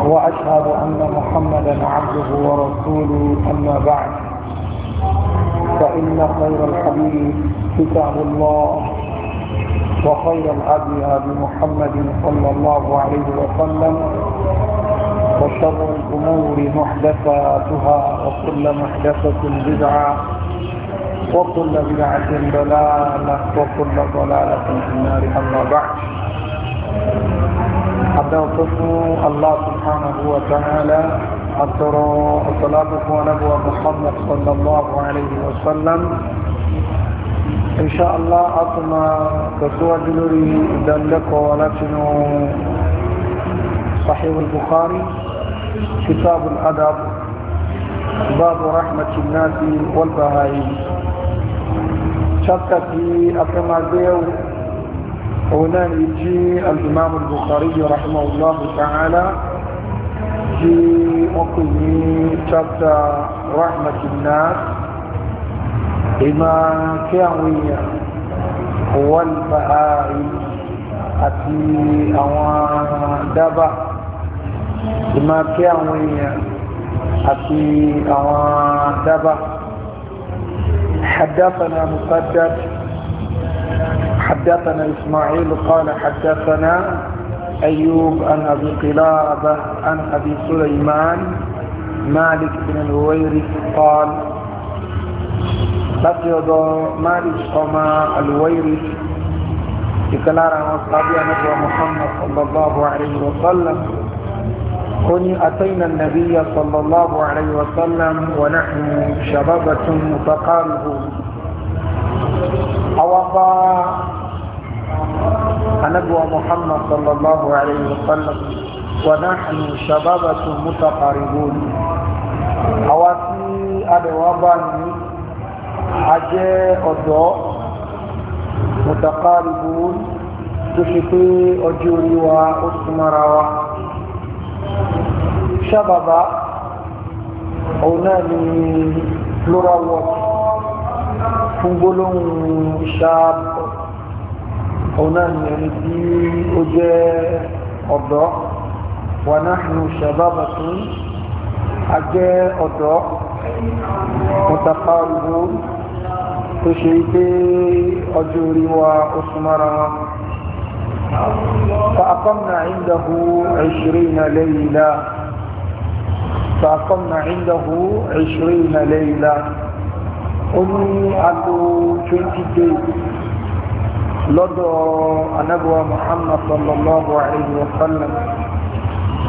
وأشهد أن محمدا عبده ورسوله أما بعد فإن خير الحديث كتاب الله وخير الهدي بمحمد صلى الله عليه وسلم وشر الأمور محدثاتها وكل محدثة بدعة وكل بدعة ضلالة وكل ضلالة في النار أما بعد حتى الله سبحانه وتعالى أثر الصلاة ونبوة محمد صلى الله عليه وسلم إن شاء الله أطمع تسوى جلوري دلك ولكن صحيح البخاري كتاب الأدب باب رحمة الناس والبهائم شكتي أكما ديو هنا يجي الإمام البخاري رحمه الله تعالى في مقيم تبدا رحمة الناس إما كاوية والبهائي أتي أوان دبا إما كاوية أتي أوان دبا حدثنا مقدد حدثنا إسماعيل قال حدثنا أيوب عن أبي قلابة عن أبي سليمان مالك بن الويرث قال لقد مالك قما الويرث يكلار عن أصحابي محمد صلى الله عليه وسلم قل أتينا النبي صلى الله عليه وسلم ونحن شبابة فقاله أوضى anabuwa muhammad sallallahu alayhi wa sallam wa nahnu shababatu mutaqarribun àwa tí adẹ̀wà bá ní a jẹ́ ọ̀dọ́ mutaqarribun tó ṣe pé ọjọ́ orí wa ó súnmọ́ra wa sábàbà òun náà ni plural word fún gbólóhùn ṣáàbù òun náà ni ẹni tí ó jẹ́ ọ̀dọ́ wà náà nù ṣàbábà tún a jẹ́ ọ̀dọ́ mọ̀tàfàrúgbó tó ṣe pé ọjọ́ orí wa ó súnmọ́ra wọn فأقمنا عنده عشرين ليلة فأقمنا عنده عشرين ليلة أمي ألو 20 days lọ́dọ̀ anábíwá muhammad sallallahu alayhi wa sallam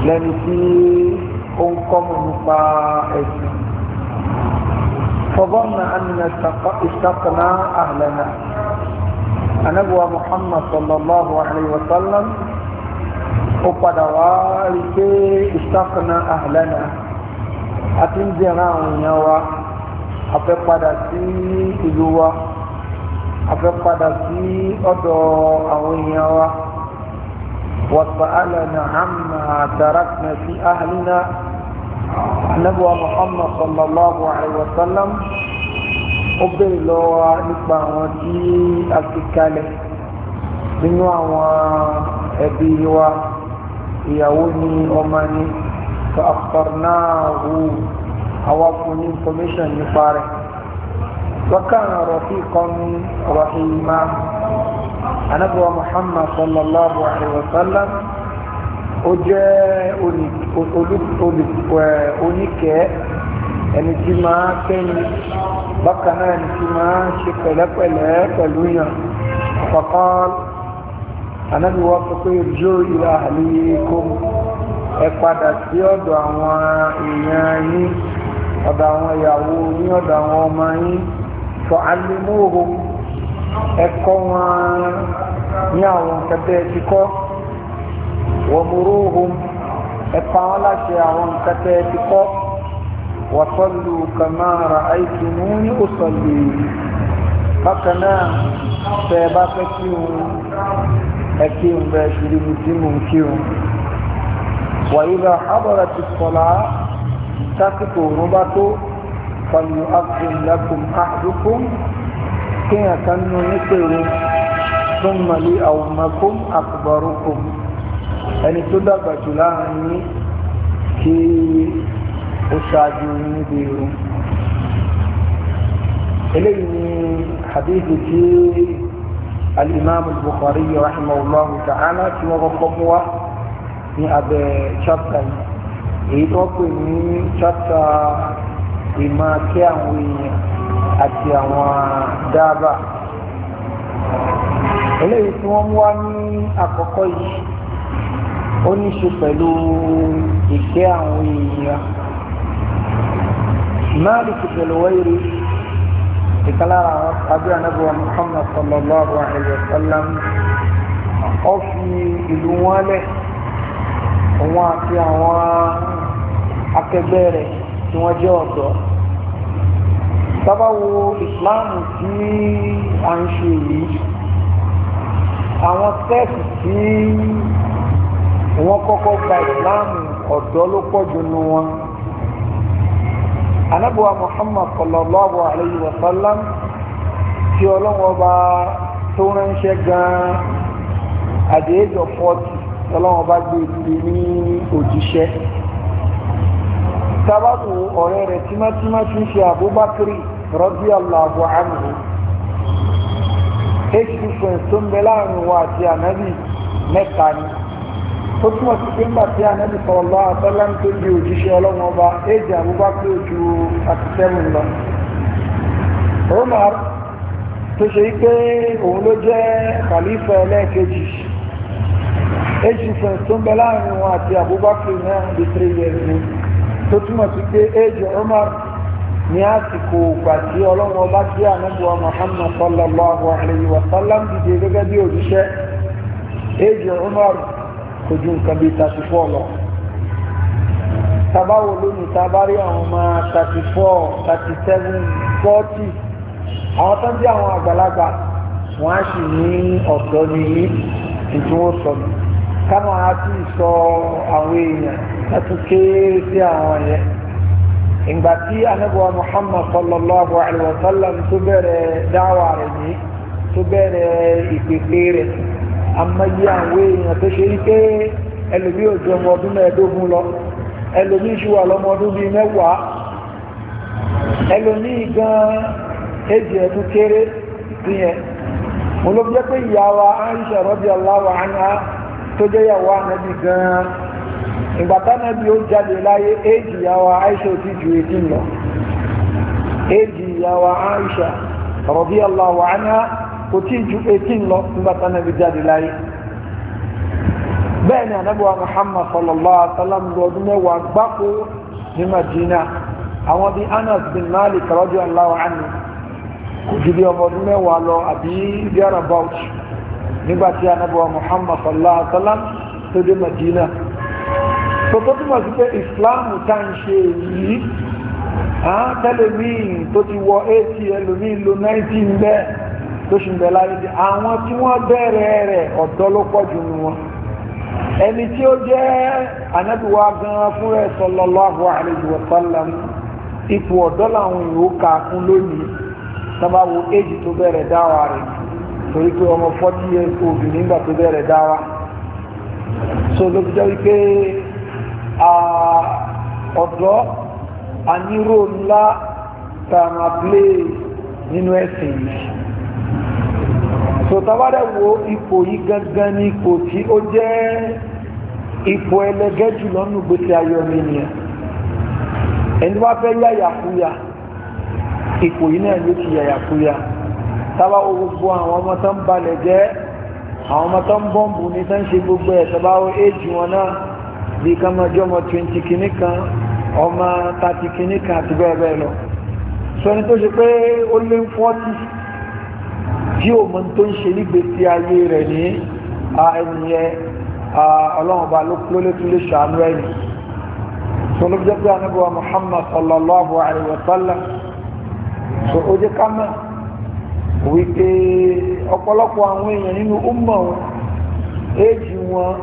lẹ́ni tí ó ń kọ́mù nípa ẹ̀sìn فظن أن اشتقنا أهلنا أنبوى محمد صلى الله عليه وسلم وقد وارك اشتقنا أهلنا أتنزران يوا أفقد في إذوة afẹ́ padà sí ọ̀dọ̀ àwọn èèyàn wa وسألنا عما تركنا في أهلنا نبوة محمد صلى الله عليه وسلم ó bèrè lọ́wọ́ nípa àwọn tí a ti kalẹ̀ nínú àwọn ẹbí wa ìyàwó ni ọmọ ni fa àkọrọ àwọn fún ní information nípa rẹ̀. وكان رفيقا رحيما نبوة محمد صلى الله عليه وسلم أجا أوليك ẹni tí máa kẹ́yìn bákan náà ẹni tí máa ṣe pẹ̀lẹ́pẹ̀lẹ́ pẹ̀lú yàn ọ̀pọ̀pọ̀ anábíwá sọ pé ìjó ìlà àlèkò ẹ padà sí ọ̀dọ̀ àwọn èèyàn yín ọ̀dọ̀ àwọn ìyàwó yín ọ̀dọ̀ àwọn ọmọ yín fa'allimuhu ẹ̀kọ́ wọn ní àwọn kẹtẹ́ ti kọ́ wamuruhum ẹ̀fà wọn láti àwọn kẹtẹ́ ti kọ́ wasallu kama ra'aytumuni usalli bákan náà tẹ́ ẹ bá fẹ́ kí òun ẹ kí bẹ́ẹ̀ ṣe mi tí mò ń kí òun. wa idha hadarat as-salah tásìkò òun bá tó فليؤذن لكم أحدكم كنا كنو نسر ثم لأومكم أكبركم ẹni tó dàgbà jù láàrin yín kí ó ṣáájú níbi irun eléyìí ni hadithi tí alimami bukhari rahimahullah ta'ala tí wọn kọ́kọ́ mú wa chapter yìí tó pè ní chapter ìmọ̀ kí àwọn èèyàn àti àwọn dáàbà eléyìí tí wọ́n wá ní àkọ́kọ́ yìí ó ní ṣe pẹ̀lú ìkẹ́ àwọn èèyàn Malik al-Huwairi ìkàlára àwọn tàbí anábọ̀ Muhammad sallallahu alayhi wa sallam ó fi ìlú wọn lẹ̀ òun àti àwọn akẹgbẹ́ rẹ̀ tí wọ́n jẹ́ ọ̀dọ́ tábàwo ìsìláàmù tí a ń ṣe yìí àwọn sẹ́ẹ̀kì tí wọ́n kọ́kọ́ gba ìsìláàmù ọ̀dọ́ ló pọ̀ jù nù wọn anabuwa muhammad sallallahu alayhi wa sallam tí ọlọ́wọ́ bá tó ránṣẹ́ gan-an àdéhùn fọ́tì ọlọ́wọ́ bá gbé ìdílé e ní òjíṣẹ́ sábàtù ọ̀rẹ́ rẹ̀ tímátímá ti ń ṣe àbúbákiri radiyallahu anhu age difference tó ń bẹ láàrin wa àti ànábì mẹ́ta ni ó túmọ̀ sí pé ńgbà tí ànábì sallallahu alaihi wasallam tó di òjíṣẹ́ ọlọ́wọ́n ọba age àbúbákiri ojú àti sẹ́wọ̀n lọ. Umar tó ṣe pé òun ló jẹ́ khalifa ẹlẹ́ẹ̀kejì age difference tó ń bẹ láàrin wa àti àbúbákiri náà di three years ni. tó túmọ̀ sí pé éjì Umar ní àsìkò ìgbà tí ọlọ́run ọba tí ànábì wa sallallahu alayhi wa sallam dìde gẹ́gẹ́ bí òjíṣẹ́ éjì Umar kò ju nǹkan bíi lọ tabawo lónìí tabari àwọn ọmọ ahụ four thirty àwọn tó ń bí àwọn àgbàlagbà wọn á sì ní ọ̀dọ́ ní ẹtù kéré sí àwọn yẹn ìgbà anabuwa muhammad sallallahu alaihi wa sallam tó bẹ̀rẹ̀ dáwà rẹ̀ bere tó bẹ̀rẹ̀ ìpèpè rẹ̀ amáyé àwọn èèyàn tó ṣe wípé ẹlòmí ò ju ọdún mẹ́ẹ̀ẹ́dógún lọ ẹlòmí ṣì wà lọ́mọ bíi mẹ́wàá ẹlòmí gan kéré sí yẹn mo ló jẹ́ pé ìyá wa aisha radiyallahu anha tó jẹ́ gan ìgbà tánàbí ó jáde láyé éèjì ìyàwó Aisha ò ti ju èdè lọ éèjì ìyàwó Aisha radiyallahu anha kò tí ju èdè lọ nígbà tánàbí jáde láyé bẹ́ẹ̀ ni ànábì wa Muhammad sallallahu alaihi wa sallam lọ́dún mẹ́wàá gbáko ní Madina àwọn bíi Anas bin Malik radiyallahu anhu kò ju bí ọmọ ọdún mẹ́wàá lọ àbí yàrá bauchi nígbà tí ànábì wa Muhammad sallallahu Madina tó túmọ̀ sí pé ìsìláàmù tá ń ṣe yìí tẹ́lẹ̀míì tó ti wọ 80 ẹlòmíì lo 19 bẹ́ẹ̀ tó ṣì ń bẹ láyé dé àwọn tí wọ́n bẹ̀rẹ̀ rẹ̀ ọ̀dọ́ ló pọ̀ jù nù wọn ẹni tí ó jẹ́ anábìwá gan fún rẹ̀ sallallahu alaihi wa sallam ipò ọ̀dọ́ làwọn yòó kà kún lónìí sábà wo éjì tó bẹ̀rẹ̀ dáwà rẹ̀ torí pé ọmọ 40 years old nígbà tó bẹ̀rẹ̀ dáwà so ló fi jẹ́ wípé ọ̀dọ́ aníró ńlá tàmàplé nínú ẹ̀sìn yìí sọ̀tàbádẹ̀ wo ipò yìí gangan ní ipò tí ó jẹ́ ipò ẹlẹgẹ́ jùlọ nù gbèsè ayọ̀ mi nìyẹn ẹni wá fẹ́ yá yàkúyà ipò yìí náà yóò ti yà yàkúyà tábà wo gbogbo àwọn ọmọ tó ń balẹ̀ jẹ́ àwọn ọmọ tó ń ní tó ṣe gbogbo ẹ̀ tábà wo éèjì wọn náà bí ká máa jọmọ twenty kìíní kan ọmọ thirty kìíní kan àti bẹ́ẹ̀ bẹ́ẹ̀ lọ sọni tó ṣe pé ó lé ń fọ́tì tí ò mọ tó ń ṣe nígbèsí ayé rẹ̀ ní ẹnìyẹn ọlọ́run ọba ló lé tún lè ṣàánú ẹ̀yìn sọ ló jẹ́ pé anábọ̀ Muhammad sallallahu alayhi wa sallam so ó jẹ́ ká mọ̀ wípé ọ̀pọ̀lọpọ̀ àwọn èèyàn nínú umma wọn éèjì wọn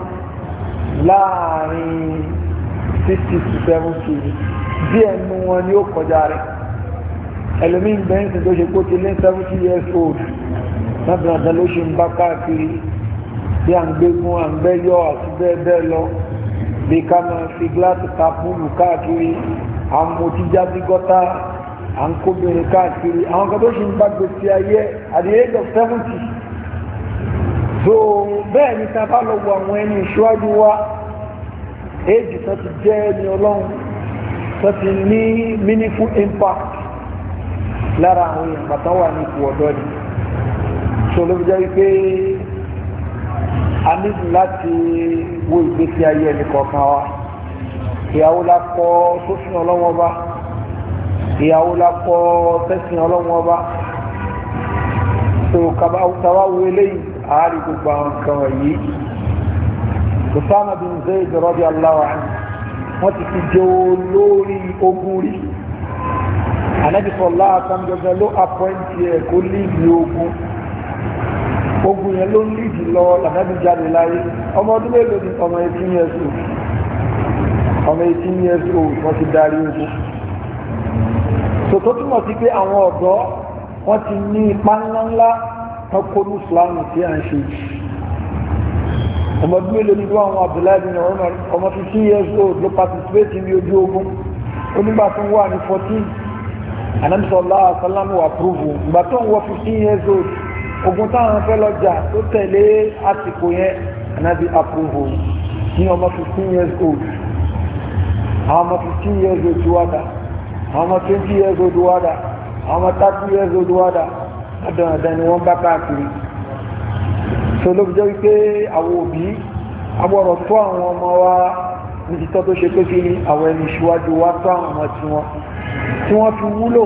láàrin sixty to seventy díẹ̀ nu wọn ni ó kọjá rẹ̀ ẹlòmíì ń bẹ́ẹ̀ ń sìn tó ṣe kó ti lé seventy years old nàbìnàbìnà ló ṣe ń bá káàkiri bí à ń gbégun à ń bẹ́ yọ àti bẹ́ẹ̀ bẹ́ẹ̀ lọ bí ká máa fi gíláàsì ta púùlù káàkiri à ń mu ti já sí gọ́tà à ń kóbìnrin káàkiri àwọn kan tó ṣe ń bá gbèsè ayé at the so bẹ́ẹ̀ ni tá a bá lọ wo àwọn ẹni ìṣíwájú wa éèjì tó ti jẹ́ ẹni ọlọ́run tó ti ní meaningful impact lára àwọn èèyàn bàtà wà ní ipò ọ̀dọ́ ni so ló fi jẹ́ wípé a nílò láti wo ìgbésí ayé ẹnì kọ̀ọ̀kan wa ìyàwó la kọ́ sófin ọlọ́wọ́n bá ìyàwó la kọ́ sẹ́sìn ọlọ́wọ́n bá so kaba wo eléyìí àárí gbogbo àwọn nǹkan wọ̀nyí Usama bin Zayd radiyallahu anhu wọ́n ti fi jẹ́ olórí ogun rí anabi sọlá àtàndọ̀dọ̀ ló apọ́ǹtì ẹ̀ kó líìdì ogun ogun yẹn ló ń líìdì lọ lànàbí jáde láyé ọmọ ọdún mélòó ni ọmọ eighteen years old ọmọ eighteen years old wọ́n ti darí ogun tòótọ́ túmọ̀ sí pé àwọn ọ̀dọ́ wọ́n ti ní ipa ńláńlá tọ́kọ́lù islamu tí a ń ṣe ọmọ bí mélòó nínú àwọn abdullahi bin umar ọmọ 15 years old ló participate ní ojú ogun onígbà tó ń wà ní 14 anamisọ́lá asalamu approve ìgbà tó ń wọ 15 years old ogun táwọn fẹ́ lọ́jà tó tẹ̀lé àsìkò yẹn anabi approve ní ọmọ 15 years old àwọn ọmọ 15 years old wádà àwọn ọmọ 20 years old wádà àwọn ọmọ 30 years old wádà àdánadán ni wọ́n bá káàkiri tó ló fi jẹ́ wípé àwọn òbí agbọ́rọ̀ tó àwọn ọmọ wa ní títọ́ tó ṣe pé kí ni àwọn ẹni ìṣíwájú wa tó àwọn ọmọ tí wọ́n tí wọ́n fi wúlò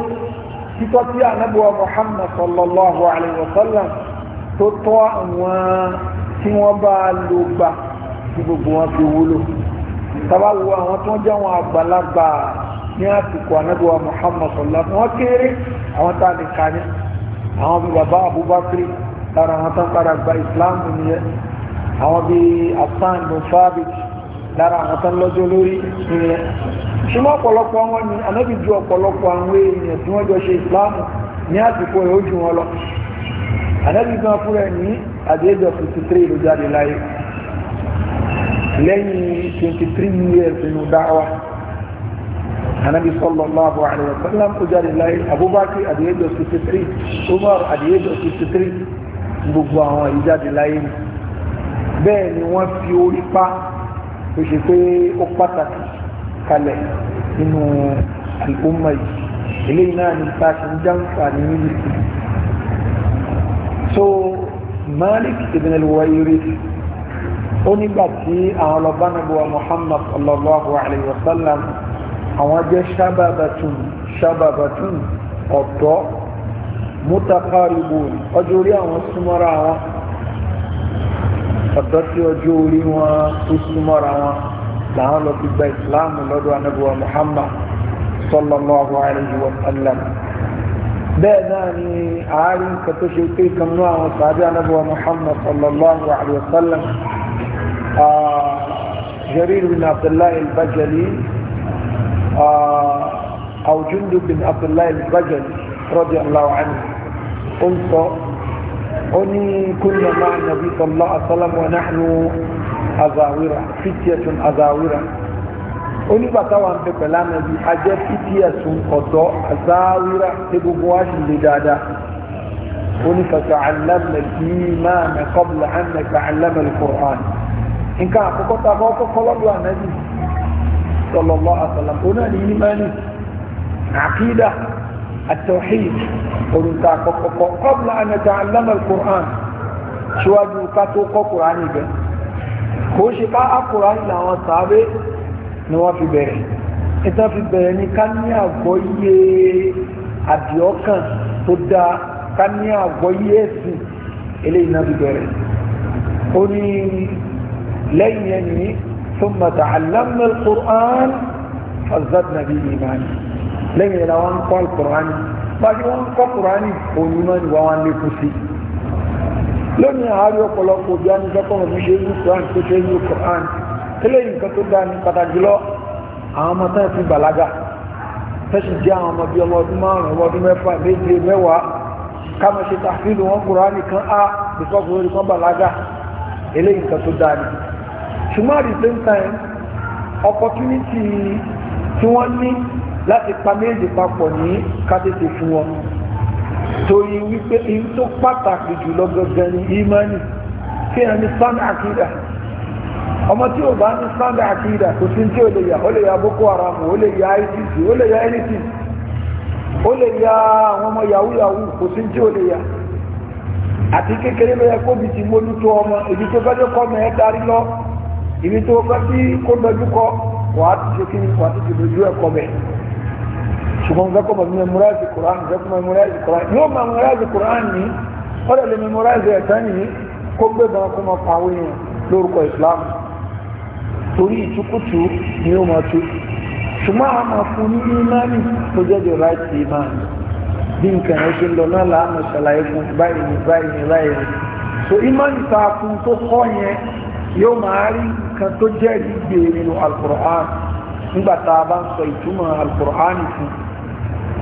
títọ́ tí anábíwá Muhammad sallallahu alayhi wa sallam tó tọ́ àwọn tí wọ́n bá lò gbà tí gbogbo wọn fi wúlò tabawo àwọn tó ń jẹ́ àwọn àgbàlagbà ní àsìkò anábíwá Muhammad sallallahu alayhi wa sallam wọ́n kéré àwọn tá a lè kà ní àwọn bíi bàbá Abubakri lára àwọn tán padà gba Islam nìyẹn àwọn bíi asan bin Thabit lára àwọn tán lọ́jọ́ lórí nìyẹn ṣùgbọ́n ọ̀pọ̀lọpọ̀ àwọn ni anábì ju ọ̀pọ̀lọpọ̀ àwọn èèyàn tí wọ́n jọ ṣe Islam ní àsìkò ẹ̀ ó jù wọn lọ anábì gan fúnra ẹ̀ ní àdéhùn fifty three ló jáde láyé lẹ́yìn twenty three years nínú dáwà anabi sallallahu alayhi wa sallam ó jáde láyé abubakar at the age of sixty three umar at the age of sixty three gbogbo àwọn yìí jáde láyé ni bẹ́ẹ̀ ni wọ́n fi orí pa ó ṣe pé ó pàtàkì kalẹ̀ nínú àlùkùnmọ̀ yìí eléyìí náà ní ta ṣe ń jàǹfà ní mílíkì so malik ibn al-Huwayrith tí àwọn ọlọ́bánagbọ́ muhammad sallallahu alayhi wa sallam àwọn jẹ́ ṣábàbàtún ṣábàbàtún ọ̀dọ́ mútakárìbò ọjọ́ orí àwọn súnmọ́ra wọn ọ̀dọ́ tí ọjọ́ orí wọn tó súnmọ́ra wọn làwọn lọ fi gba ìsìláàmù lọ́dọ̀ anábíwá Muhammad sallallahu alayhi wa sallam bẹ́ẹ̀ náà ni àárín nǹkan tó ṣe pé ìkànnú àwọn sàájú anábíwá Muhammad sallallahu alayhi wa sallam ah, Jarir bin Abdullahi al-Bajali أو جندب بن عبد الله البجلي رضي الله عنه قلت أني كنا مع النبي صلى الله عليه وسلم ونحن أزاورة فتية أزاورة onígbà táwọn ń pẹpẹ lánàá bíi ajẹ fífi ẹsùn ọdọ azáwíra tí gbogbo wa sì lè dáadáa onífẹsẹ alámẹ bíi máa mẹkọbìlà àmẹkà alámẹ lùkùrán nǹkan àkọ́kọ́ tá a kọ́kọ́ kọ́ lọ́dọ̀ ànábì sallallahu alaihi wasallam ó náà ní ìmánì àkídà àtọ̀hìd orúkọ àkọ́kọ́kọ́ kọ́bùlà ànàjà alámà kùrán ṣíwájú ká tó kọ́ kùrán ibẹ̀ kò ṣe ká àkùrán làwọn sàábé ni wọ́n fi bẹ̀rẹ̀ ìtàn fi bẹ̀rẹ̀ ní ká ní àgbọ́yé àdìọ́kàn tó dáa ká ní àgbọ́yé ẹ̀sìn eléyìí náà fi bẹ̀rẹ̀ ó ní lẹ́yìn ẹni ثم تعلمنا القرآن فزدنا به إيمانا لكن لو أنقى القرآن bájú wọn kọ kurani onímọ̀ ni wọn lè kú sí lónìí àárẹ̀ ọ̀pọ̀lọpọ̀ bí wọn dọ́kọ̀ wọn ṣe ní kurani tó ṣe ní kurani eléyìí nǹkan tó dáa ní pàtàkì lọ àwọn ọmọ táyà ti bàlágà tẹ́sí jẹ́ àwọn ọmọ bíi ọmọ ọdún márùn ọmọ ọdún mẹ́fà méje mẹ́wàá káma ṣe tàfíìlù wọn kurani kan á bìkọ́ fún orí kan bàlágà eléyìí nǹkan tó dáa ní ṣùgbọ́n at the same time opportunity tí wọ́n ní láti pa méjì papọ̀ ní kátètè fún wọn torí wípé in tó pàtàkì jùlọ gangan ní imani kí ẹ ní sáńdà àkídà ọmọ tí ò bá ní sáńdà àkídà kò sí tí ó lè yà ó lè yà boko haram ó lè yà isis ó lè yà anything ó lè yà àwọn ọmọ yahoo yahoo kò sí tí ó lè yà àti kékeré ló kóbi ti mójútó ọmọ èyí tó bá dé kọ́ ọmọ darí lọ ibi tó bá tí kó dojú kọ wà á ti ṣe kí ni wà á ti ṣe dojú ẹ̀kọ́ bẹ̀ ṣùgbọ́n fẹ́kọ̀ mọ̀ memorize Quran fẹ́kọ̀ memorize Quran yóò máa memorize Quran ní ọ̀rẹ́ lè memorize ẹ̀tàn yìí kó gbé gan kó máa pa àwọn èèyàn lórúkọ Islam torí ìtukùtù ni ó máa tu ṣùgbọ́n a máa fún ní ìmánì tó jẹ́ the right ìmánì bí nǹkan ẹ̀ ṣe ń lọ náà láàmú ṣàlàyé fún báyìí báyìí báyìí so ìmánì ta fún tó kọ́ yẹn yóò máa rí nǹkan tó jẹ́rìí gbé nínú alukur'an nígbà tá a bá ń sọ ìtumọ̀ alukur'an fún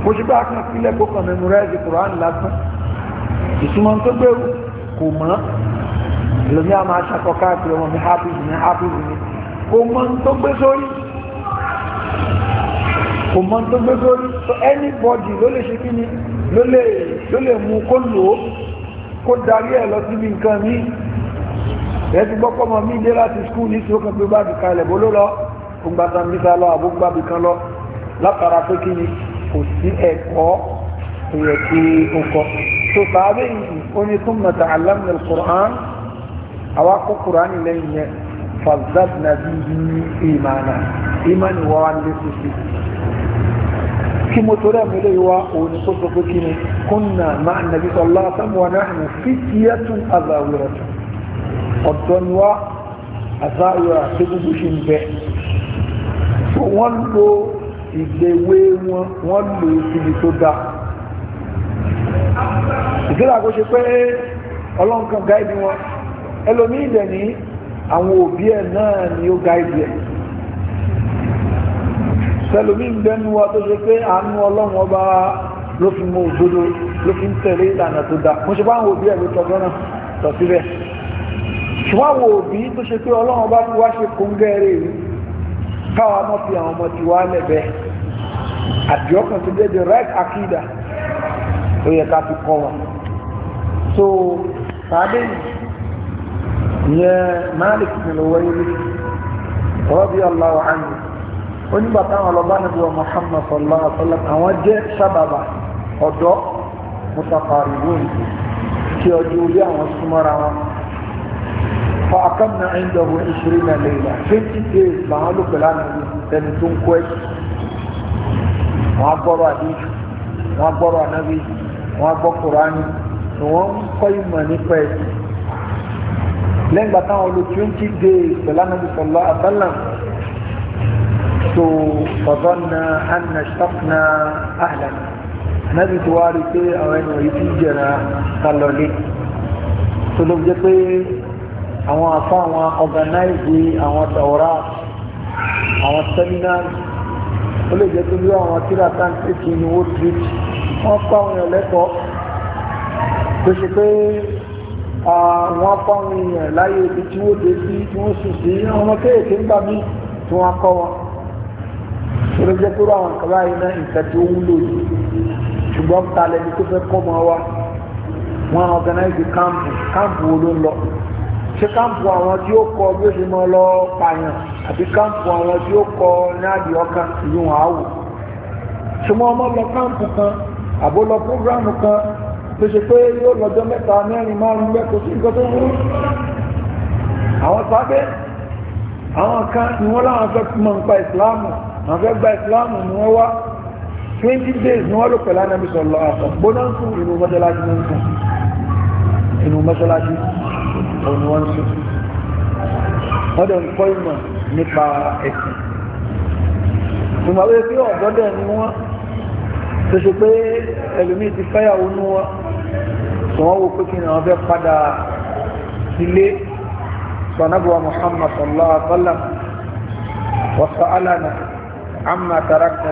bó ṣe bá kan sílẹ̀ kó kàn mẹ́nu rẹ́ẹ̀dì kur'an lásán ìtumọ̀ tó gbèrú kò mọ́ lómi àmà aṣakọ káàkiri ọmọ mi hafiz mi hafiz mi kò mọ́ tó gbé sórí kò mọ́ tó gbé sórí so anybody ló lè ṣe kí ni ló lè mú kó lò ó kó darí ẹ̀ lọ síbi nǹkan míì ẹ ti gbọ́ pọ́mọ mi dé láti skul ní sí ó kàn pé bá bìkan ilẹ̀ bó ló lọ ó gba sambisa lọ àbó gba bìkan lọ látara pé kí ni kò sí ẹ̀kọ́ tó yẹ kí ó kọ́ tó sàábé yìí ó ní tó mọ̀tà alámìnà kùrán àwa kó kùrán lẹ́yìn yẹn fàzádìnà bí i ìmàna ìmàni wà wá lé sísè kí mo torí àmì ilé wa òun kó sọ pé kí ni kúnnà máa nàbí sọlá sáwọn náà fìtìyàtún àzàwìrẹ̀tún ọ̀tọ̀ ni wá àzáyọ̀ àti gbogbo ṣe ń bẹ wọ́n lo ìgbéwé wọn wọ́n lo ìbí tó dáa ìgbéra kó ṣe pé ọlọ́run kan gáìdì wọn ẹlòmí ilẹ̀ ní àwọn òbí ẹ̀ náà ni ó gáìdì ẹ̀ sẹlòmí ń bẹ́nu wa tó ṣe pé àánú ọlọ́run ọba ló fi mọ òdodo ló fi ń tẹ̀lé ìlànà tó dáa mo ṣe bá àwọn òbí ẹ̀ ló tọ́ gánà tọ̀ síbẹ̀ ṣùgbọ́n wo òbí tó ṣe pé ọlọ́run bá fi wá ṣe kóńgẹ́rẹ́ yìí káwa mọ́ fi àwọn ọmọ tiwa lẹ́bẹ̀ àdìọ́kàn tó jẹ́ the right akida ó yẹ ká fi kọ́ wọn so tàbí yẹn Malik bin Uwayli radiyallahu anhu onígbà táwọn ọlọ́bá níbi wa Muhammad sallallahu alaihi wa sallam àwọn jẹ́ sábàbà ọ̀dọ́ mùsàfàrì wọ́n kí ọjọ́ orí àwọn súnmọ́ra wọn فأقمنا عنده عشرين ليلة 20 days معلوك الآن تنتون كويس وعبروا حديث وعبروا نبي وعبروا قرآن وهم قيمة نفايت لين بتاعوا له 20 days بلا نبي صلى الله عليه وسلم so فظننا أن اشتقنا أهلا نبي تواري تي أو أنه يتيجنا لي so ló àwọn afọ àwọn ọ̀gánáìzì àwọn tàwọ́rà àwọn sẹ́mínárì ó lè jẹ́ tó bí àwọn tíra táǹtì kì í ní wọ́n ti wọ́n kọ́ àwọn èèyàn lẹ́kọ̀ọ́ tó ṣe pé wọ́n kọ́ àwọn èèyàn láyé ibi tí wọ́n dé sí tí wọ́n sùn sí àwọn ọmọ kéèké ń gbà mí tí wọ́n kọ́ wọn ó lè jẹ́ tó rọ àwọn nǹkan báyìí náà nǹkan tí wúlò yìí ṣùgbọ́n ta lẹni tó fẹ́ kọ́ mọ́ wa wọ́n organize káàmpù káàmpù wo ló ń lọ ṣé káàmpù àwọn tí ó kọ bí ó ṣe mọ lọ pààyàn àbí káàmpù àwọn tí ó kọ ní àdìẹ ọkàn ìlú wọn á wò ṣùgbọ́n ọmọ lọ káàmpù kan àbó lọ prógráàmù kan tó ṣe pé yóò lọ́jọ́ mẹ́ta mẹ́rin márùn-ún mẹ́kọ̀ọ́ sí nǹkan tó wúrú àwọn sábẹ́ àwọn kan ni wọ́n láwọn fẹ́ mọ̀ nípa ìsìláàmù àwọn fẹ́ gba ìsìláàmù ni wọ́n wá 20 days ni wọ́n lò pẹ̀lú anábìsọ̀ lọ àpọ̀ gbóná ń sùn ìlú mọ́ṣáláṣí ń sùn ìlú mọ́ṣáláṣí òun ni wọ́n ń sùn wọ́n dẹ̀ ń kọ́ ìmọ̀ nípa ẹ̀sìn ìmọ̀ wípé pé ọ̀dọ́ dẹ̀ ni wọ́n tó ṣe pé ẹlòmíì ti fẹ́yàwó ní wọn sọ wọ́n wo pé kí ni wọ́n fẹ́ padà ilé sọ̀nàbùwà Muhammad sallallahu alaihi wa sallam wa sa'alana amma tarakna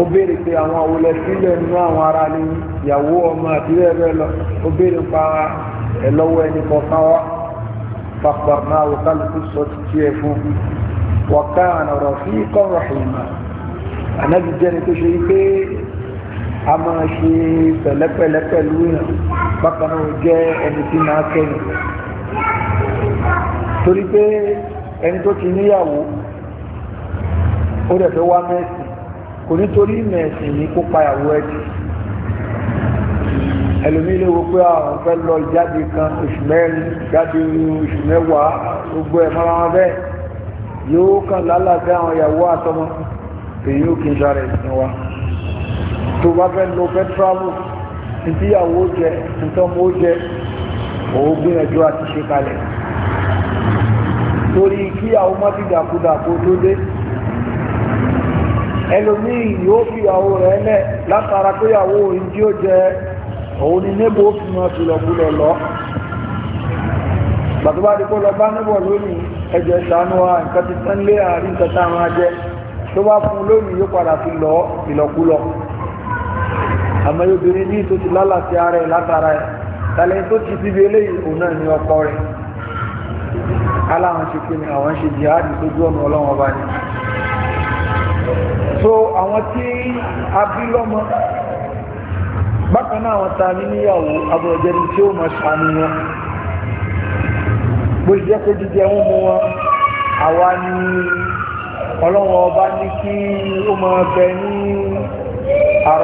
ó béèrè pé àwọn àwòlẹ̀ sílẹ̀ nínú àwọn ará ní ìyàwó ọmọ àti bẹ́ẹ̀ bẹ́ẹ̀ lọ ó béèrè pa ẹ lọ́wọ́ ẹni kọ̀ọ̀kan wá fàkpàrọ̀ náà wò kálukú sọ títí ẹ fún wa kana rafiqan rahima ànábi jẹ́ni tó ṣe yí pé a máa ṣe pẹ̀lẹ́pẹ̀lẹ́ pẹ̀lú yàn bákan náà jẹ́ ẹni tí máa kẹ́yìn torí pé ẹni tó ti níyàwó ó dẹ̀ fẹ́ wá mẹ́sìn kò nítorí mẹ́sìn ní kó payàwó ẹ̀jẹ̀ ẹlòmí lè wo pé àwọn ah, fẹ́ lọ jáde kan oṣù mẹ́rin jáde oṣù mẹ́wàá gbogbo ẹ̀ mọ́ra wọn bẹ́ẹ̀ yóò kàn lálàáfẹ́ àwọn ìyàwó àtọmọ èyí ò kí n sáré ìsìn wa tó bá fẹ́ lọ fẹ́ travel ntí ìyàwó jẹ ntọ́mọ jẹ òun gbìyànjú àti ṣe kalẹ̀ torí kí àwọn má ti dàkúdàkú tó dé ẹlòmí yóò fi ìyàwó rẹ̀ lẹ̀ látara pé ìyàwó òun tí ó jẹ òun ni níbo fi mọ́ fi lọ́gbúlọ̀ lọ bàtúbà dípò lọ bá níbọ̀ lónìí ẹjọ́ ìṣàánú wa nǹkan ti tán lé àárín nǹkan tá máa jẹ tó bá fún lónìí yóò padà fi lọ ìlọ̀kulọ̀ àmọ́ obìnrin ní tó ti lálàsí ara ẹ̀ látara ẹ̀ tàlẹ́ tó ti síbi eléyìí òun náà ní ọkọ rẹ̀ aláwọn ṣe kí ni àwọn ṣe jihadi sójú ọ̀nà ọlọ́wọ́n bá ní so àwọn tí a bí lọ́mọ na náà n'iyawu ta ní níyàwó abọ̀jẹni tí ó mọ̀ sànú wọn jíjẹ ń ni ọba ní kí ó máa bẹ ní a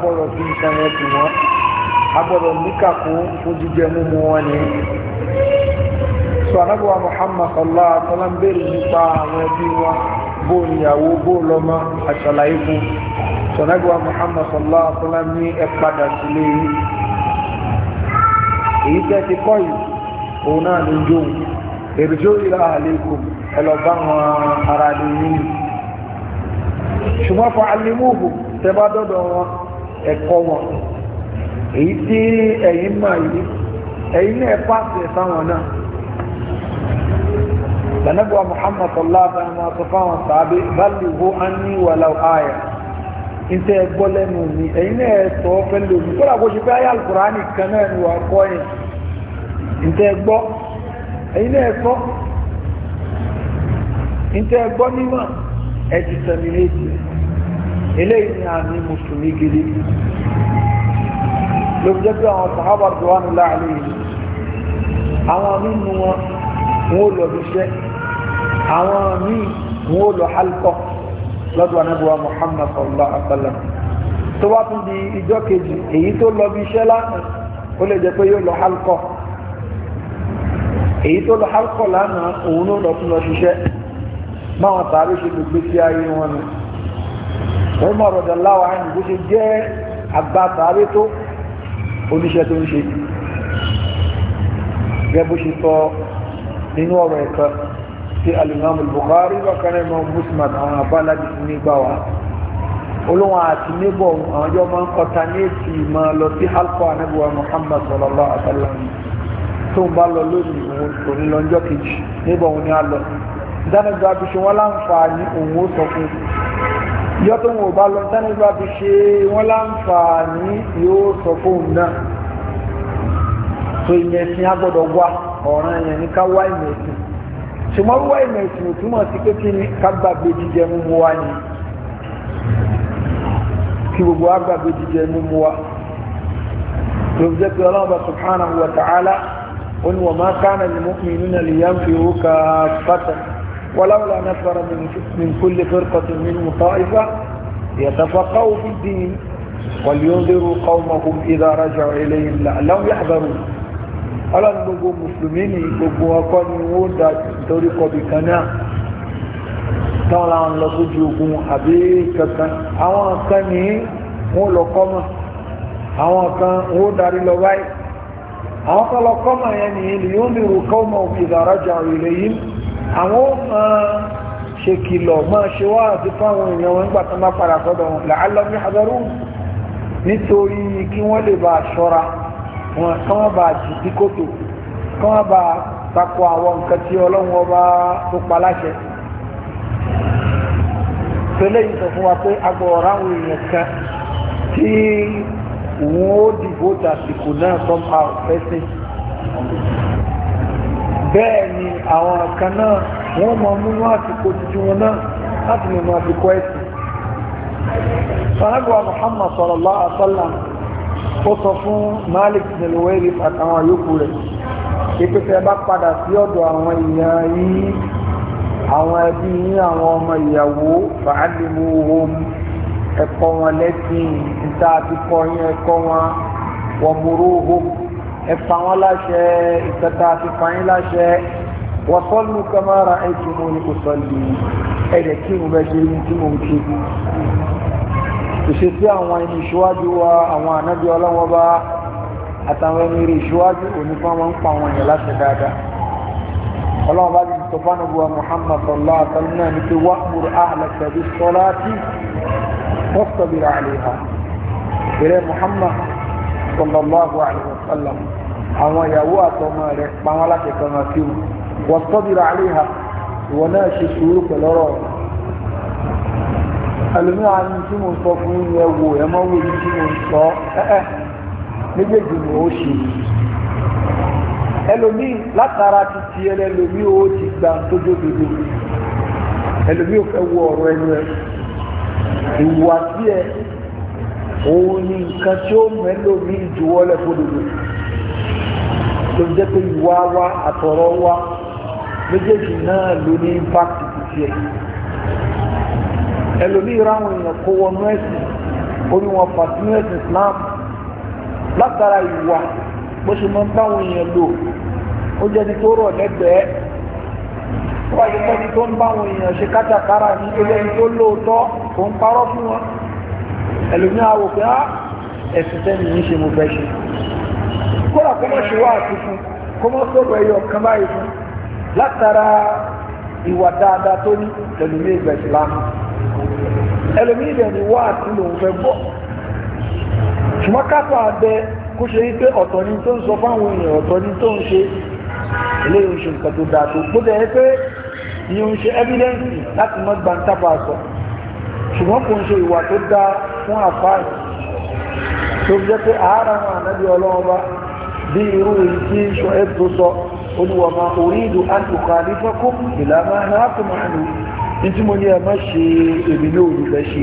gbọ́dọ̀ fi ìṣẹ̀lẹ̀tì wọn a gbọ́dọ̀ níkàkó fún jíjẹ wọn ni sọ Muhammad wa ń béèrè nípa àwọn bó níyàwó bó lọ́mọ àṣàlàyé fún sọ̀nàgbà muhammad sallallahu alaihi wasallam ní ẹ padà sílé yìí èyí tẹ́ ti kọ́ yìí òun náà ní jó èròjó ìlà àlékún ẹ lọ bá wọn ara ní yìí ṣùgbọ́n fún alimuhu tẹ́ bá dọ́dọ̀ wọn ẹ̀kọ́ wọn èyí tí ẹ̀yin máa yìí ẹ̀yin náà pàṣẹ sáwọn náà sanabuwa muhammad sallallahu alaihi wa sallam sàbẹ balùwò anni wàlà àyà ntẹ ẹgbọ lẹ́nu mi ẹyin náà ẹ sọ fẹlẹ omi kódà kó ṣe fẹ ayé alukurani kan náà ni wà á kọ yẹn ntẹ ẹgbọ ẹyin náà ẹ sọ ntẹ ẹgbọ nímọ ẹ ti sẹmi létí ni àmì mùsùlùmí gidi ló fi jẹ́ pé àwọn sàhábà tó wà nílẹ̀ àlè yìí àwọn mímu àwọn míì wọn ò lọ halkọ lọ́dọ̀ anábíwá muhammad sallallahu alaihi wa sallam tó bá tún di ìjọ kejì èyí tó lọ bí iṣẹ́ lánàá ó lè jẹ́ pé yóò lọ halkọ èyí tó lọ halkọ lánàá òun ló lọ tún lọ ṣiṣẹ́ báwọn tààrí ṣe gbogbo sí ayé wọn ni wọ́n mọ̀ ọ̀rọ̀dà láwa ẹni bó ṣe jẹ́ àgbà tààrí tó oníṣẹ́ tó ń ṣe gẹ́gẹ́ bó ṣe sọ nínú ọ̀rọ̀ ẹ̀kan ti alimami Bukhari bákanáà imam Muslim àwọn abáláàdì ní gbà wá olóhùn àti níbọ̀ àwọn ọjọ́ máa ń kọta ní èsì máa lọ sí halqa anábíwá Muhammad sallallahu alaihi wa sallam tó ń bá lọ lónìí òun kò ní lọ ọjọ́ kejì níbọ̀ òun ni a lọ dánilá fi ṣe láǹfààní òun ó sọ fún un yọ tó ń wò bá lọ dánilá fi ṣe láǹfààní yóò sọ fún un náà tó ìyẹn agbọ́dọ̀ wá ọ̀ràn yẹn ní ká wá ìmọ̀ ṣùgbọ́n wá ìmọ̀ ìsìn túmọ̀ sí pé kí ni ká gbàgbé jíjẹ mímu wa ni kí gbogbo wa gbàgbé jíjẹ mímu wa ló fi jẹ́ pé ọlọ́run bá subhanahu wa ta'ala ó ní wọ́n máa kánà ní mu'minina liyanfiru kaffatan ولولا نفر من من كل فرقة منهم طائفة يتفقهوا في الدين ولينذروا قومهم إذا رجعوا إليهم لعلهم يحذرون ọlọ́run gbogbo mùsùlùmí ni gbogbo ọkọ ni wọ́n da torí kọbì kan náà táwọn làwọn lọ sójú ogun àbí kankan àwọn kan ní wọ́n lọ kọ́mọ̀ àwọn kan wọ́n darí lọ báyìí àwọn kan lọ kọ́mọ̀ yẹn ni ni yóò ní rò kọ́mọ̀ ìdárajà ìrẹ̀ yìí àwọn máa ṣe kìlọ̀ máa ṣe wá àti fáwọn èèyàn wọn nígbà tó bá padà sọ́dọ̀ wọn làálọ́ ní àdọ́rù nítorí kí wọ́n lè bá a ṣọ́ra wọn kán bá jù sí kòtò kán bá takò àwọn nǹkan tí ọlọ́run ọba tó pa láṣẹ tẹ́lẹ̀ yìí sọ fún wa pé agbọ̀ọ̀rá àwọn èèyàn kan tí wọ́n ó dìbò tàsìkò náà sọ́mà ọ̀fẹ́sìn bẹ́ẹ̀ ni àwọn kan náà wọ́n mọ múnú àsìkò tuntun wọn náà láti lè mọ àsìkò ẹ̀sìn. sanagbọ́n Muhammad sallallahu alaihi wa sallam ó sọ fún malik neloweri àtàwọn yòókù rẹ̀ pípẹ́ tẹ́ bá padà sí ọ̀dọ̀ àwọn èèyàn yìí àwọn ẹbí yín àwọn ọmọ ìyàwó fàálìmù ohun ẹ̀kọ́ wọn lẹ́sìn níta àti kọyín ẹ̀kọ́ wọn wọ̀mùrú ohun ẹ̀fà wọn láṣẹ ìkẹta àti fàyín láṣẹ wọ́sọ́lù kẹmàrà ẹ̀kí mú ní kò sọ́lù ẹ̀dẹ̀ kí mo bẹ́ ṣe ní tí mo ń ṣe ìṣe tí àwọn ẹni ìṣíwájú wa àwọn ànábì ọlọ́wọ́ bá àtàwọn ẹni rí ìṣíwájú onífọ́n wọn ń pa àwọn èèyàn láṣẹ dáadáa ọlọ́wọ́ bá ti sọ fún àbúrò Muhammad sallallahu alaihi wa sallam náà ní pé wa'mur ahlaka bis-salati wastabir 'alayha ìrẹ́ Muhammad sallallahu alaihi wa sallam àwọn ìyàwó àtọmọ rẹ̀ pa wọn láṣẹ kan àti wọn wastabir 'alayha ìwọ náà ṣe sùúrù pẹ̀lú ọ̀rọ̀ ẹlòmíràn ni tí mo sọ fún yẹ wò ẹ mọ́ wò tí mo sọ ẹ́ẹ́ méjèèjì ni ó ṣe ẹlòmíì látara ti ti ẹ ẹlòmíì ó ti gba tójó dodo ẹlòmíì ò fẹ́ wo ọ̀rọ̀ ẹnu ẹ ìwà sí ẹ òun ni nǹkan tí ó mẹ́lòmíì juwọ́lẹ̀ fódodo tó jẹ́ pé ìwà wa àtọ̀rọ̀ wa méjèèjì náà ló ní impact ti tiẹ̀ ẹlòmíì ráwọn èèyàn kó wọnú ẹ̀sìn ó ní wọn fà sínú ẹ̀sìn Islam látara ìwà bó ṣe máa ń báwọn èèyàn lò ó jẹ́ ní tó rọ̀ lẹ́gbẹ̀ẹ́ wọ́n àti pẹ́ni tó ń báwọn èèyàn ṣe kátàkárà ní ó jẹ́ ní tó lóòótọ́ tó ń parọ́ fún wọn ẹlòmíì àwò pé á ah, ẹ̀sìn tẹ́ni yìí ṣe mo fẹ́ ṣe kódà kó mọ̀ ṣe wá àtúntún kó mọ̀ sọ̀rọ̀ ẹyọ kan báyìí fún látara ìwà dáadáa tó ní ẹlòmíì ìgbà ìsìlámù ẹlòmíì dẹ̀ ni wá àti lòun fẹ́ gbọ́ ṣùgbọ́n kápá abẹ kó ṣe wípé ọ̀tọ̀ ni tó ń sọ fáwọn èèyàn ọ̀tọ̀ ni tó ń ṣe eléyìí ń ṣe nǹkan tó dáa tó gbọ́dọ̀ yẹ pé ni ń ṣe evidence láti mọ́ gbantábà sọ ṣùgbọ́n kò ń ṣe ìwà tó dáa fún àfáà tó jẹ́ pé ààrà wọn ànábì ọlọ́run bá bí irú èyí tí ṣọ tó sọ oníwọ̀n orí ìlú àtùkà nífẹ́kùn ìlànà aláàkùnmọ̀ àlùyí nítí mo ní ẹ má ṣe èmi náà ní fẹ́ ṣe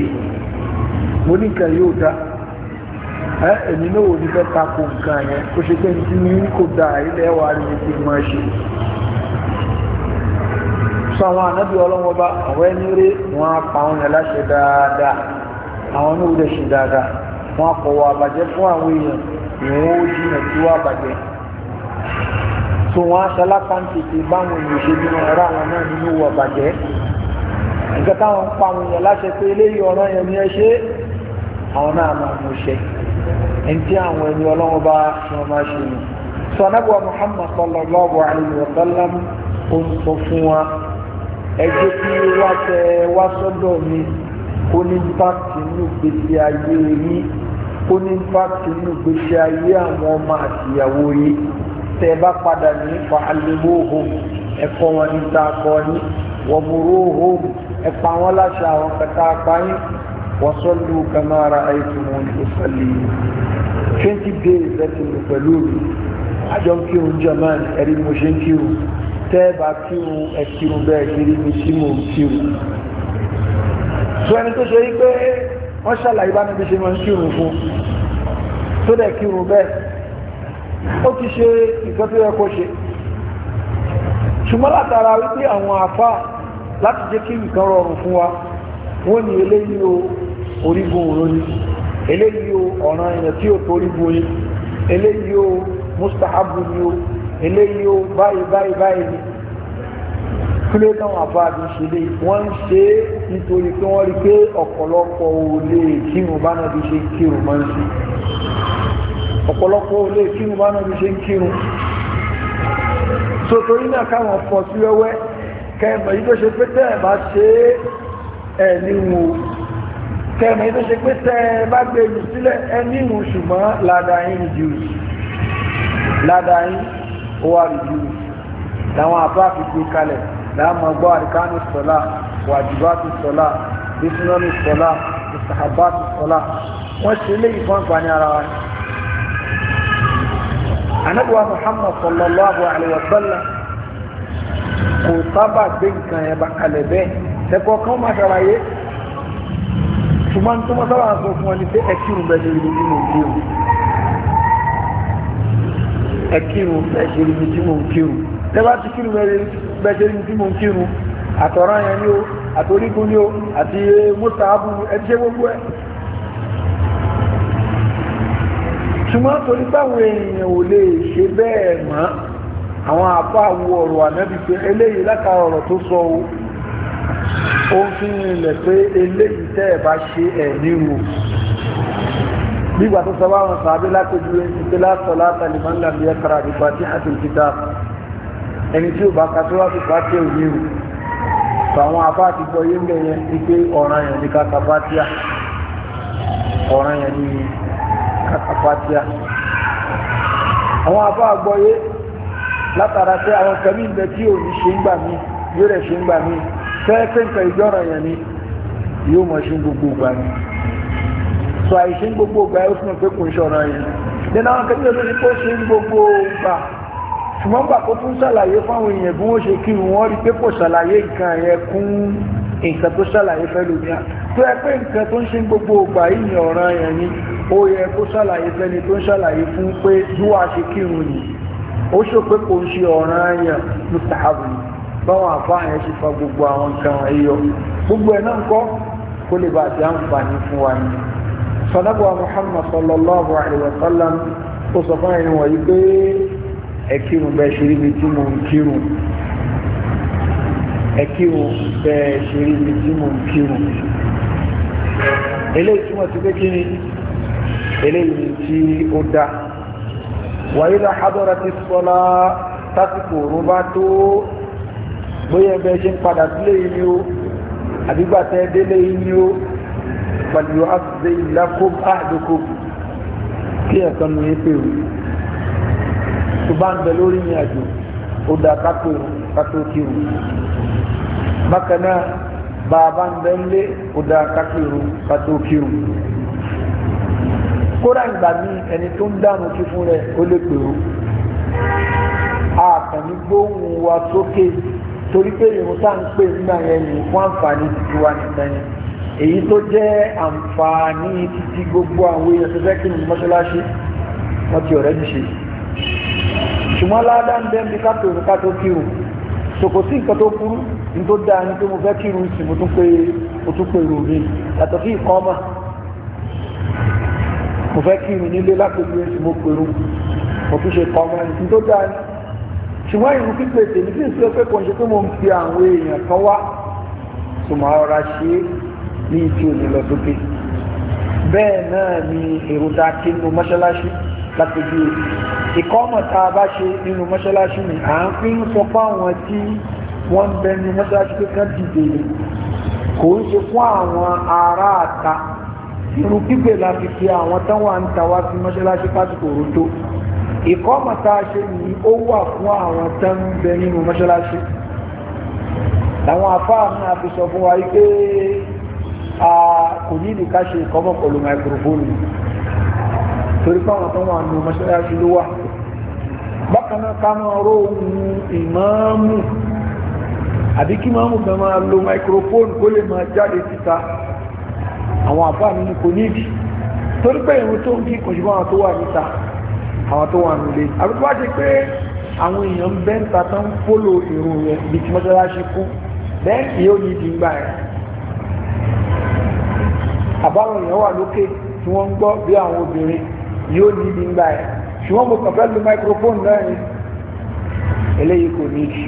mo ní nǹkan yóò dá ẹ èmi náà ní fẹ́ tako nǹkan yẹn kó ṣe pé nítí mi kò dá ilẹ̀ wa ní ti máa ṣe sọ àwọn ànábì ọlọ́wọ́ bá àwọn ẹni rí wọn á pa àwọn yẹn láṣẹ dáadáa àwọn náà lè ṣe dáadáa wọn kọ̀ wọ àbàjẹ́ fún àwọn èèyàn ìwọ̀n ó jìnà tí wọ́n àbàjẹ́ tó wọn á ṣe alápáǹtì ti báwọn èèyàn ṣe nínú ọ̀rọ̀ àwọn náà nínú ìwà àbàjẹ́ nǹkan táwọn ń pa àwọn èèyàn láṣẹ pé eléyìí ọ̀rọ̀ yẹn ni ẹ ṣe àwọn náà máa mú ṣe ẹni tí àwọn ẹni ọlọ́run bá ṣe wọn máa ṣe nù. sọ anábọ̀ Muhammad sallallahu alayhi wa ó ń sọ fún wa ẹ kí wá wá sọ́dọ̀ mi ó ní báàkì nínú gbèsè ayé yìí ó ní báàkì nínú gbèsè ayé àwọn ọmọ àtìyàwó yìí tẹ bá padà ní fa ẹ̀kọ́ wọn ní kọ́ ní. ومروهم اقطعوا لا شاء وقطعوا وصلوا كما رأيتموني أصلي 20 days that you followed àjọ ń kírun german ẹ̀rí mo ṣe ń kírun tẹ́ẹ̀bà kírun ẹ̀kírun bẹ́ẹ̀ kiri mi tí mo ń kírun tó ẹni tó ṣe wípé wọ́n ṣàlàyé bá níbi ṣe máa ń kírun fún tó dẹ̀ kírun bẹ́ẹ̀ ó ti ṣe nǹkan tó ṣe ṣùgbọ́n látara wípé àwọn àfáà láti jẹ́ kí nǹkan rọrùn fún wa wọ́n ní eléyìí o orígun òrùn ni eléyìí o ọ̀ràn ẹ̀yàn tí ò torígun ni eléyìí o mustahabu ni o eléyìí o báyìí báyìí báyìí ni kílé táwọn àfáàdì ṣe lé wọ́n ń ṣe é nítorí pé wọ́n rí pé ọ̀pọ̀lọpọ̀ ò lè kírun bá náà bí ṣe kírun máa ń ṣe ọ̀pọ̀lọpọ̀ ò lè kírun bá náà bí ṣe kírun so náà káwọn fọ́ sí wẹ́wẹ́ kẹmọ̀ yí tó ṣe pé tẹ́ ẹ̀ bá ṣe ẹni wò kẹmọ̀ yí tó ṣe pé tẹ́ ẹ bá gbé jù sílẹ̀ ẹni wò ṣùgbọ́n ládàáyín jù ládàáyín ó wà rí jù làwọn àbá fi gbé kalẹ̀ láàmú ọgbọ́ àríkánú sọ́lá wàjúbátú sọ́lá bísúnánú sọ́lá ìsàhábátú sọ́lá wọ́n ṣe lé ìfọ́n gbani ara wa. anabuwa muhammad sallallahu alaihi wa sallam kò sábà gbé nǹkan yẹn bá kalẹ̀ bẹ́ẹ̀ ẹ̀kọ́ kan máa ṣàlàyé ṣùgbọ́n tó máa sábà sọ fún ẹni pé ẹkírun bẹ́ẹ̀ ṣe rí nínú òkè o ẹkírun bẹ́ẹ̀ ṣe rí nínú òkè o tẹ́lá ti kírun bẹ́ẹ̀ ṣe rí nínú òkè o àtọ̀rọ̀ yẹn ni o àtòrígun ni o àti mọ́tà abu ẹ̀ṣẹ́ gbogbo ẹ̀ ṣùgbọ́n torí báwọn èèyàn ò lè ṣe bẹ́ẹ̀ mọ́ àwọn àpá àwọ ọ̀rọ̀ ànábì pé eléyìí láta ọ̀rọ̀ tó sọ o ó ń fi rinlẹ̀ pé eléyìí tẹ́ ẹ̀ bá ṣe ẹ̀ nírú nígbà tó sọ báwọn sàábé látọjú ẹni pé lásọ látàlì máa ń làbí ẹkara nípa tí a ti ń kíta ẹni tí ò bá ka tó wá sí pàtí ò nírú àwọn àpá àti gbọ́ yé ń bẹ̀ yẹn ni pé ọ̀ràn yẹn ní kàkà ọ̀ràn yẹn ní kàkà àwọn àpá àgbọ́yé látara pé àwọn kẹmí ń bẹ tí ò ní ṣe ń gbà mí yóò rẹ̀ ṣe ń gbà mí fẹ́ pé yẹn ni yóò mọ̀ ṣe ń gbogbo gbà mí sọ àìṣe ń gbogbo gbà yóò fún mi pé kò ń ṣọ̀rọ̀ yẹn nínú àwọn kẹmí olóyè kó ṣe ń gbogbo gbà ṣùgbọ́n gbà kó tún ṣàlàyé fáwọn èèyàn bí wọ́n ṣe kí wọ́n rí pé kò ṣàlàyé nǹkan yẹn kún nǹkan tó ṣàlàyé fẹ́ lómi tó ẹ pé nǹkan tó ń ṣe gbogbo ògbà yìí ọ̀ràn yẹn ni ó yẹ kó ṣàlàyé fẹ́ni tó ń ṣàlàyé fún pé bí wàá ṣe kírun nìyí ó ṣe pé kò ń ṣe ọ̀ràn ayàn mustahab báwọn àfáàyàn ṣe fa gbogbo àwọn nǹkan wọ̀nyí yọ gbogbo ẹ̀ náà kọ́ kó lè bá àti àǹfààní fún wa ni sọdọ́gbà muhammad sallallahu alayhi wa sallam ó sọ fún ẹ̀yin wọ̀nyí pé ẹ kírun bẹ́ẹ̀ ṣe rí mi tí mo ń kírun ẹ kírun bẹ́ẹ̀ ṣe rí mi tí mo ń kírun eléyìí tí wọ́n ti kí ni eléyìí tí ó dáa wàyílá hadọ́ra ti sọ́lá tásìkò òru bá tó bóyá ẹgbẹ́ ṣe ń padà sílé yìí ni ó àbígbàtẹ́ délé yìí ni ó pàdé àṣìṣe ìlàkó àdókò kí ẹ̀kan ní pé o tó bá ń bẹ lórí ìrìn àjò ó dá kátó kátó kí o bákan náà bá a bá ń bẹ ń lé ó dá kátó kátó kí o kódà ìgbà mi ẹni tó ń dànù kí fún rẹ̀ ó lè pè ó àkànní gbóhùn wa sókè torí pé ìrun tá à ń pè nígbà yẹn ní fún àǹfààní títí wa nìkan yẹn èyí tó jẹ́ àǹfààní títí gbogbo àwọn èèyàn tó fẹ́ kí ni mọ́ṣáláṣí wọ́n ti ọ̀rẹ́ mi ṣe ṣùgbọ́n ládàá ń bẹ́ẹ̀ bí ká pè ká tó kírun sòkò sí nǹkan tó kúrú ní tó dáa ní pé mo fẹ́ kírun sí mo tún pé mo tún pé rò rí yàtọ̀ sí ìkọ́ mọ̀ mo fẹ́ kí mi nílé lápẹ̀lú èsì e, mo pèrú mo tún ṣe kọ́ ọmọ ẹni tó dáa ni ṣùgbọ́n ìrù pípé tèmi tí ń sọ pé kò ń ṣe pé mo ń fi àwọn èèyàn kan wá sùnmọ́ ọ̀rá ṣe é ní ìtì òní lọ sókè bẹ́ẹ̀ náà ni èrò dáa kí nínú mọ́ṣáláṣí lápẹ̀lú e. ìkọ́ ọmọ tá a bá ṣe nínú mọ́ṣáláṣí ni à ń fi ń sọ fáwọn tí wọ́n ń bẹ nínú mọ́ṣáláṣí pé kán dìde kò ń ṣe fún àwọn ará irun pípé la fi pe àwọn táwọn à ń ta wá sí mọ́ṣáláṣí pásítọ̀ òrótó ìkọ́ mọ̀tá ṣe yìí ó wà fún àwọn tó ń bẹ nínú mọ́ṣáláṣí làwọn afáà náà fi sọ fún wa pé kò ní ìdíkà ṣe ìkọ́mọ̀ pẹ̀lú máikrófóònù torí pé àwọn táwọn àánú mọ́ṣáláṣí ló wà bákan náà ká máa ró ohun ìmáàmù àbí kí máàmù gan máa lo máikrófóònù kó lè máa jáde síta àwọn àbá mi kò níbi torí pé ìrun tó ń kí kò ṣùgbọ́n àwọn tó wà níta àwọn tó wà nílé àbúkú wá ṣe pé àwọn èèyàn bẹ́ ń ta tán fólò ìrun rẹ̀ bí tí mọ́ṣáláṣí kú bẹ́ẹ̀ kì yóò ní ìdí gbà rẹ̀ àbáwọn èèyàn wà lókè tí wọ́n ń gbọ́ bí àwọn obìnrin yóò ní ìdí gbà rẹ̀ ṣùgbọ́n mo kàn fẹ́ lu microphone náà ni eléyìí kò ní kí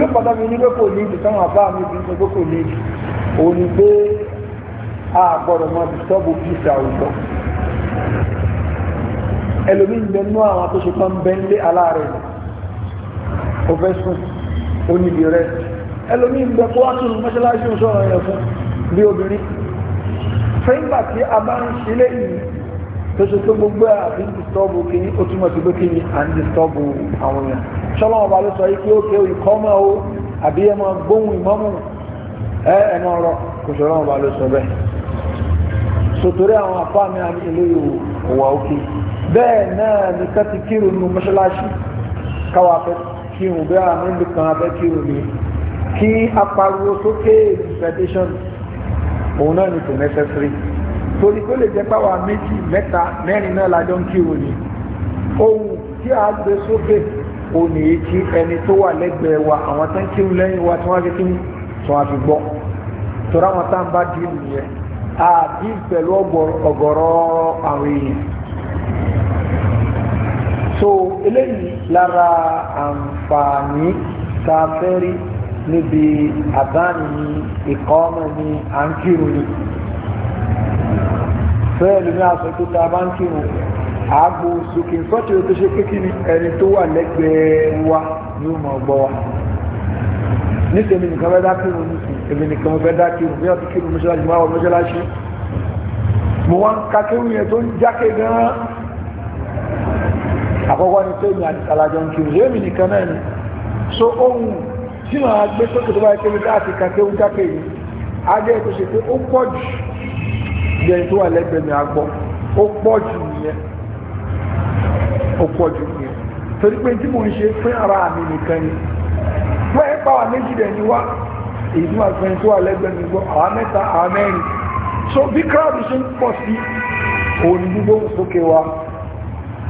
ló pàtàkì ní kò ní táwọn àbá mi fi ń kò ní òun ni pé a gbọ́dọ̀ máa fi sọ́ọ̀bù fíìsì àwùjọ ẹlòmí ń bẹnú àwọn tó ṣe tán bẹ́ńlé aláàrẹ̀ ó fẹ́ sùn ó níbi rẹ̀ ẹlòmí ń bẹ kó wá tún mọ́ṣáláṣí ń sọ̀rọ̀ yẹn fún bí obìnrin fẹ́ńgbà tí a bá ń ṣe léyìí tó ṣe tó gbogbo àbí dìstọ́bù kìíní ó túmọ̀ sí pé kìíní à ń dìstọ́bù àwọn èèyàn ṣọ́lá ọba ló sọ yìí pé ókè ìkọ́ máa o àbí ẹ máa gbóhùn ìmọ́mù ẹ ẹ máa rọ kò ṣọ́lá ọba ló sọ bẹ́ẹ̀ sotori àwọn afáàmì àmì eléyìí òwà òkè bẹ́ẹ̀ náà ní ká ti kírun nu mọ́ṣáláṣí káwa fẹ́ kírun bẹ́ẹ̀ àmì ìlú kan abẹ́ kírun ni kí apariwo sókè invitation òun náà ní kò necessary torí kó lè jẹ́ páwa méjì mẹ́ta mẹ́rin náà lájọ́ ń kírun ni ohun tí a gbé sókè òní etí ẹni tó wà lẹ́gbẹ̀ẹ́ wa àwọn tó ń kírun lẹ́yìn wa tí wọ́n fi kí wọ́n fi gbọ́ torí àwọn tá à ń bá dì nìyẹn àbí pẹ̀lú ọ̀gọ̀rọ̀ àwọn èèyàn so eléyìí lára àǹfààní tá a fẹ́ rí níbi àdáni ni ìkọ́mọ ni à ń kírun ni fẹ́ẹ̀lì ní aṣọ tó ta bá ń kírun àgbo sókè sọ́tì tó ṣe pé kí ẹni tó wà lẹ́gbẹ̀ẹ́ wa ni ó mọ̀ gbọ́ wa nítorí nǹkan bẹ́ẹ̀ dá kírun ní èmi nìkan mo fẹ́ dá kírun bí wọ́n ti kírun mọ́ṣáláṣí máa wọ mọ́ṣáláṣí mo wá ń yẹn tó ń jákè gan-an àkọ́kọ́ ni pé mi àti alájọ ń kírun èmi nìkan náà ni so ohun tí màá gbé sókè tó bá yẹ kébí láti ka kírun jákè yìí á jẹ́ ètò ṣe pé ó pọ̀ jù bí ẹni tó wà lẹ́gbẹ̀ẹ́ mi àgbọ̀ ó pọ̀ jù nìyẹn ó pọ̀ jù nìyẹn torí pé tí mo ń ṣe pé ara mi nìkan ni wọ́n ẹ̀ pàwọ́ méjì rẹ̀ ni wá èyí tí wọ́n fẹ́ tó wà lẹ́gbẹ̀ẹ́ mi gbọ́ àwọn mẹ́ta àwọn mẹ́rin so bí crowd ṣe ń pọ̀ sí òun ní gbogbo sókè wa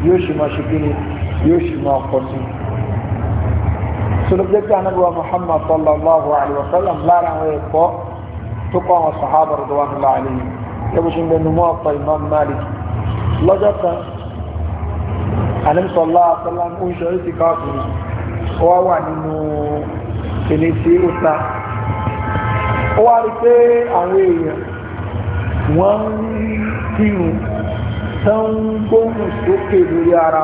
yóò ṣe máa ṣe kíni yóò ṣe máa pọ̀ sí sọlọ́pẹ́ tí anábíwá Muhammad sallallahu alayhi wa sallam lára àwọn ẹ̀kọ́ tó kọ́ àwọn sahaba radwanullahi alayhim yẹ́bù ṣe ń bẹnu mọ́ ọ̀pọ̀ Imam Malik lọ́jọ́ kan anamsọ̀lá sallam ń ṣe orí ti káàkiri ó wà nínú kìnìún sí ó wá rí pé àwọn èèyàn wọ́n ń kírun tó ń gbóhùn sókè lórí ara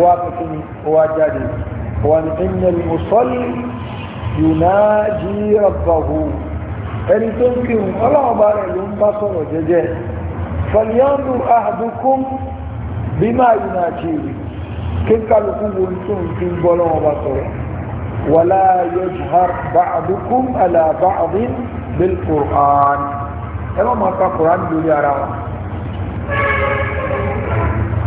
wọn ó wá tuntun ó wá jáde ó wá ní innal musalli yunaji rabbahu ẹni tó ń kírun ọlọ́ọ̀bá rẹ̀ ló ń bá sọ̀rọ̀ jẹ́jẹ́ bima yunaji kí kálukú wo tó ń fi ń bọ́ bá sọ̀rọ̀ ولا يجهر بعضكم على بعض بالقرآن ẹwọ́n máa ka quran lórí ara wa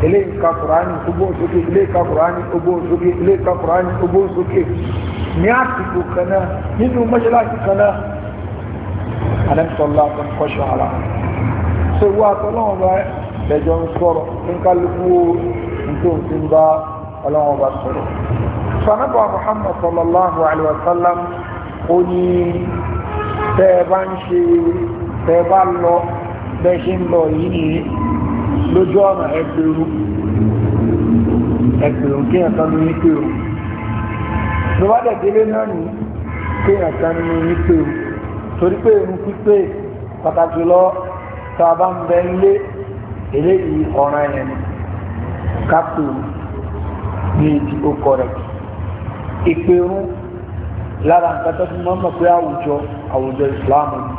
eléyìí ka quran ogbó sókè eléyìí ka quran ogbó sókè eléyìí ka quran ogbó sókè ní àsìkò kan náà nínú mọ́ṣáláṣí kan náà anẹ́sọ̀lá tó ń kọ́ṣọ́ ara ṣé wọ́n àtọ́lọ́wọ́n bá ẹ̀jọ̀ ń sọ̀rọ̀ ń kálukú nítorí ń bá ọlọ́wọ́n bá sọ̀rọ̀ sọ̀nàbọ̀ muhammad sallallahu alayhi wa sallam ó ní tẹ́ ẹ bá ń ṣe tẹ́ ẹ bá lọ bẹ́ẹ̀ ṣe ń lọ yìí nìyí lójú ọ̀nà ẹgbẹ̀rún ẹgbẹ̀rún kí ẹ̀ka ló ní pé ló bá dẹ̀dẹ̀lé náà ní kí ẹ̀ka ló ní pé torí pé irun pípé pàtàkì lọ tá a bá ń bẹ nílé eléyìí ọ̀ràn ẹ̀ ní kápẹ́ ní ìdí ó kọ̀ ìpẹ̀rún lára nǹkan tó fi mọ́mọ́ pé àwùjọ àwùjọ ìsìláàmù ni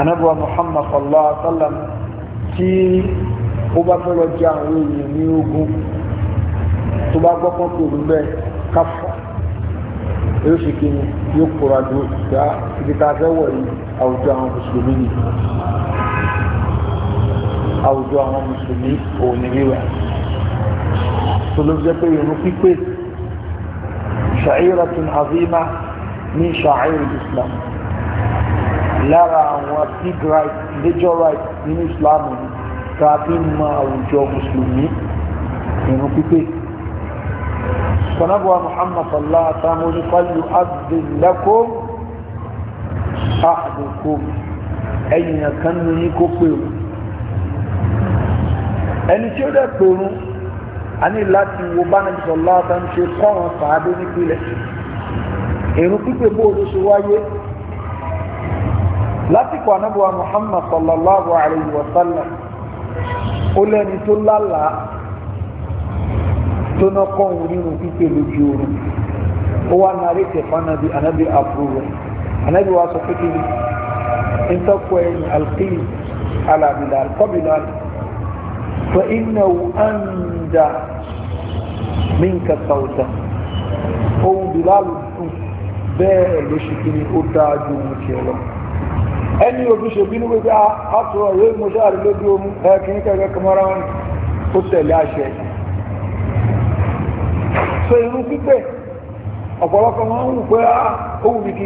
anábọ̀ muhammad sallallahu alaihi wa sallam tí ó bá fẹ́ lọ jẹ àwọn èèyàn ní ogun tó bá gbọ́ pọ́n pẹ̀lú bẹ́ẹ̀ káfọ́ yóò ṣe kí ni yóò kóra dúró dá ibi tá a fẹ́ wọ̀ yìí àwùjọ àwọn mùsùlùmí ni àwùjọ àwọn mùsùlùmí òun ni wíwà tó ló jẹ́ pé irun pípé شعيرة عظيمة من شعائر الإسلام lára àwọn big right major right nínú Islam tá a fi ń mọ àwùjọ mùsùlùmí ìrun pípé sanabuwa Muhammad sallallahu alaihi wa sallam onífàlù abdullako àdùkò ẹ̀yìn kan ní kó pèrú ẹni tí ó dẹ̀ pèrú a ní láti wo bá nàbí sọlá ọ̀tá ń ṣe kọ́ràn fàádé nípìnlẹ̀ èrò pípé bó ló ṣe wáyé lásìkò anábọ̀wá Muhammad sallallahu alayhi wa sallam ó lẹ́ni tó lálàá tó ná kọ́hún nínú pípé lójú oorun ó wá narí tẹ̀fọ́ anábì anábì àbúrò anábì wa sọ pé kí ń tọ́kọ ẹ̀yìn alqi ala Bilal kọ́ Bilal fa jíjà mí nǹkan sàwùtà ohun bìláàlù ó lọ ẹni obi ṣe bínú pé ah, a tó ọ̀rẹ́ ìmọ̀ṣẹ́ àrílójú ohun ẹ̀kìn kẹ́kẹ́ kọmọ́ra wọn ó tẹ̀lé àṣẹ so irú pípẹ́ ọ̀pọ̀lọpọ̀ máa ń wù pé ah, kí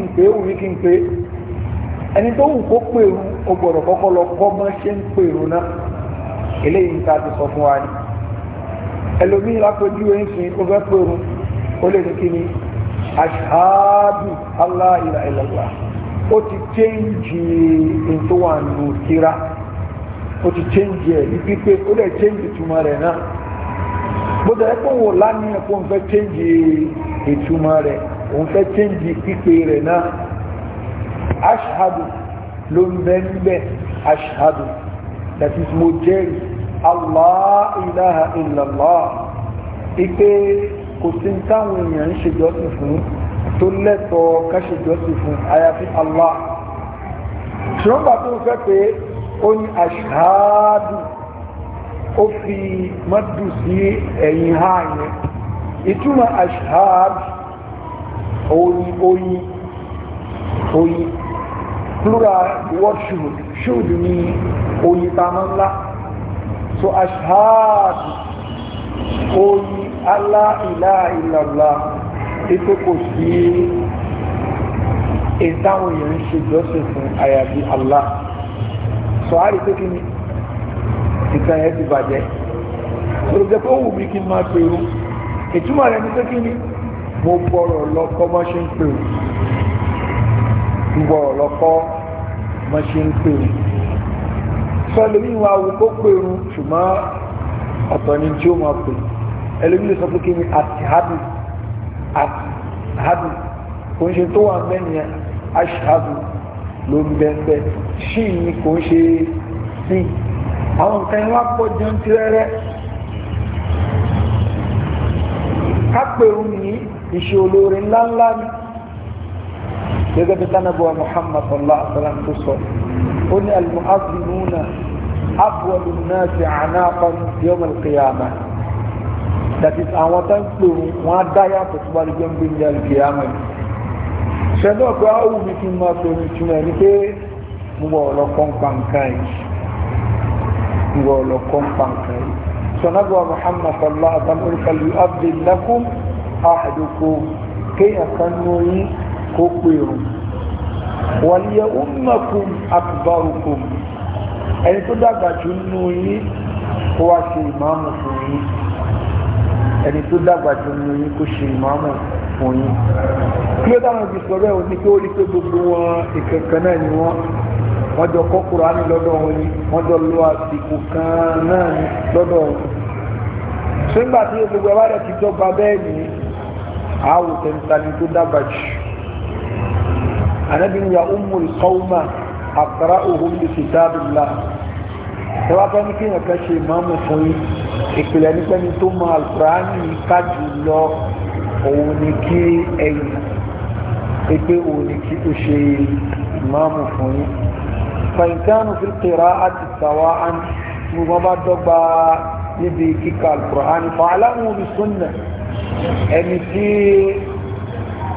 n pé ẹlòmíì lápẹjú ẹ̀ ń sin ó fẹ́ pẹ̀rù ó lè ní kí ni ashadu allah ilaha illallah ó ti chẹ́ǹjì ìtòwànù kíra ó ti chẹ́ǹjì ẹ̀ ní pípé ó lè chẹ́ǹjì túmọ̀ rẹ̀ náà bóta ẹ̀kọ́ wò lánìí ẹ̀kọ́ ń chẹ́ǹjì ìtumọ̀ rẹ̀ òun fẹ́ chẹ́ǹjì pípé rẹ̀ náà ashadu ló ń bẹ́ẹ̀ ń bẹ́ẹ̀ ashadu that is mo jẹ́rìí allah ilaha illallah ipe kò sí táwọn èèyàn ń ṣèjọ́sìn fún tó lẹ́tọ̀ọ́ ká ṣèjọ́sìn fún àyàfi allah ṣùgbọ́n bàtà tó fẹ́ pé ó ní aṣáájú ó fi mọ́dù sí ẹ̀yìn ha yẹn ìtumọ̀ aṣáájú oyin oyin oyin plural word should should oyin tá máa ń lá so ashhadu oyi allah ilaha illallah ipe kò sí ìtawọn èèyàn ń ṣe jọ́sìn fún àyàbí allah so a rí pé kí ni ìtàn yẹn ti bàjẹ́ so jẹ́ pé ó wù mí kí n máa pèrò ìtumọ̀ rẹ̀ ní pé kí mo gbọ́rọ̀ lọ kọ́ mọ́ ṣe ń pèrò mo gbọ́rọ̀ lọ kọ́ mọ́ ṣe ń pèrò sọlọ́mí wa wò kó pèrú ṣùgbọ́n ọ̀tọ̀ ni tí ó máa pè ẹlòmí lè sọ pé kí ni àti hadu àti hadu kò ń ṣe tó wà mẹ́rin aṣáájú ló ń bẹ́ẹ̀ ṣì ní kò ń ṣe sí àwọn nǹkan wá pọ̀ jẹun ti rẹ́rẹ́ kápẹ̀rù ní ìṣe olóore ńláńlá ni gẹ́gẹ́ bí tánàbọ̀ Muhammad sallallahu alaihi wasallam sọ ó ní almu'azzinuna afwalu nnasi anaqan yawm alqiyamah that is àwọn tó ń pè wọn á dá yàtọ̀ tó bá lè jẹ́ ń gbé ní alqiyamah yìí sẹ́dọ̀ pé a wù mí kí n máa pè mí túmọ̀ ní pé mo wọ ọlọ́kọ́ ń Muhammad sallallahu alaihi wa sallam olùkàlù abdul lakum ahadukum kéèyàn kan nù yín kó pè rùn wàlíyẹ ummakum akbarukum ẹni tó dàgbà jù nù yín kó wá ṣe ìmáàmù fún yín ẹni tó dàgbà jù nù yín kó ṣe ìmáàmù fún yín kí ló dáhùn ibi sọ̀rọ̀ ẹ̀ ní pé ó rí pé gbogbo wọn ìkankan náà ni wọ́n wọ́n jọ kọ́ kuraani lọ́dọ̀ wọn ni wọ́n jọ lo àsìkò kan náà ni lọ́dọ̀ wọn ṣé tí gbogbo ẹ̀ wá rẹ̀ ti dọ́gba bẹ́ẹ̀ ni àwòtẹ́ntani tó dàgbà jù anabi ni ya umul qawma aqra'uhum li kitabillah ẹ wá bá ní kí èèyàn kan ṣe ìmáàmù fún yín ìpìlẹ̀ nípa ẹni tó mọ alukurani ká jù lọ òun ni kí ẹ̀yìn pé òun ni kí o ṣe ìmáàmù fún yín fàyìntánù fi tẹ̀ra àti tàwa án ní wọ́n bá dọ́gba níbi kíkà alukurani fàálàmù bí sunna ẹni tí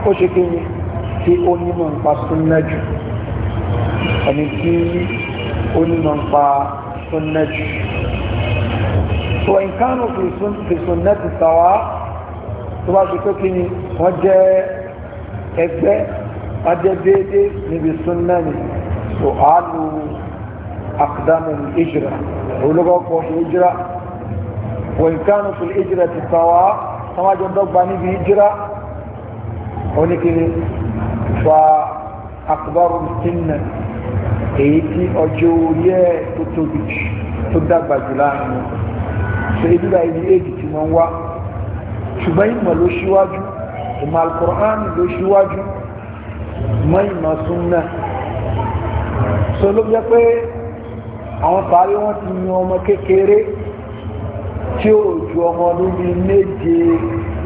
ó ṣe kéyìn tí ó nímọ̀ ń pa súnná jù ẹni tí ó nímọ̀ ń pa súnná jù so nǹkan fi súnná ti sàwá tó bá ṣe pé kí ni wọ́n jẹ́ ẹgbẹ́ wọ́n jẹ́ déédéé níbi súnná ni so àálù akdamu ìjìrà olùkọ́kọ́ ìjìrà wọ́n nǹkan fi ìjìrà ti sàwá wọ́n wájú dọ́gba níbi ìjìrà oníkiri وأكبر سنا èyí ọjọ́ orí ẹ̀ tó tóbi tó dàgbà jù láàrin wọn so ebi bá ibi éjì tí wọ́n wá ṣùgbọ́n ìmọ̀ ló ṣíwájú ìmọ̀ alukur'an ló ṣíwájú mọ́ ìmọ̀ súnmọ́ so ló jẹ́ pé àwọn sáré wọn ti yan ọmọ kékeré tí ó ju ọmọ ọdún bíi méje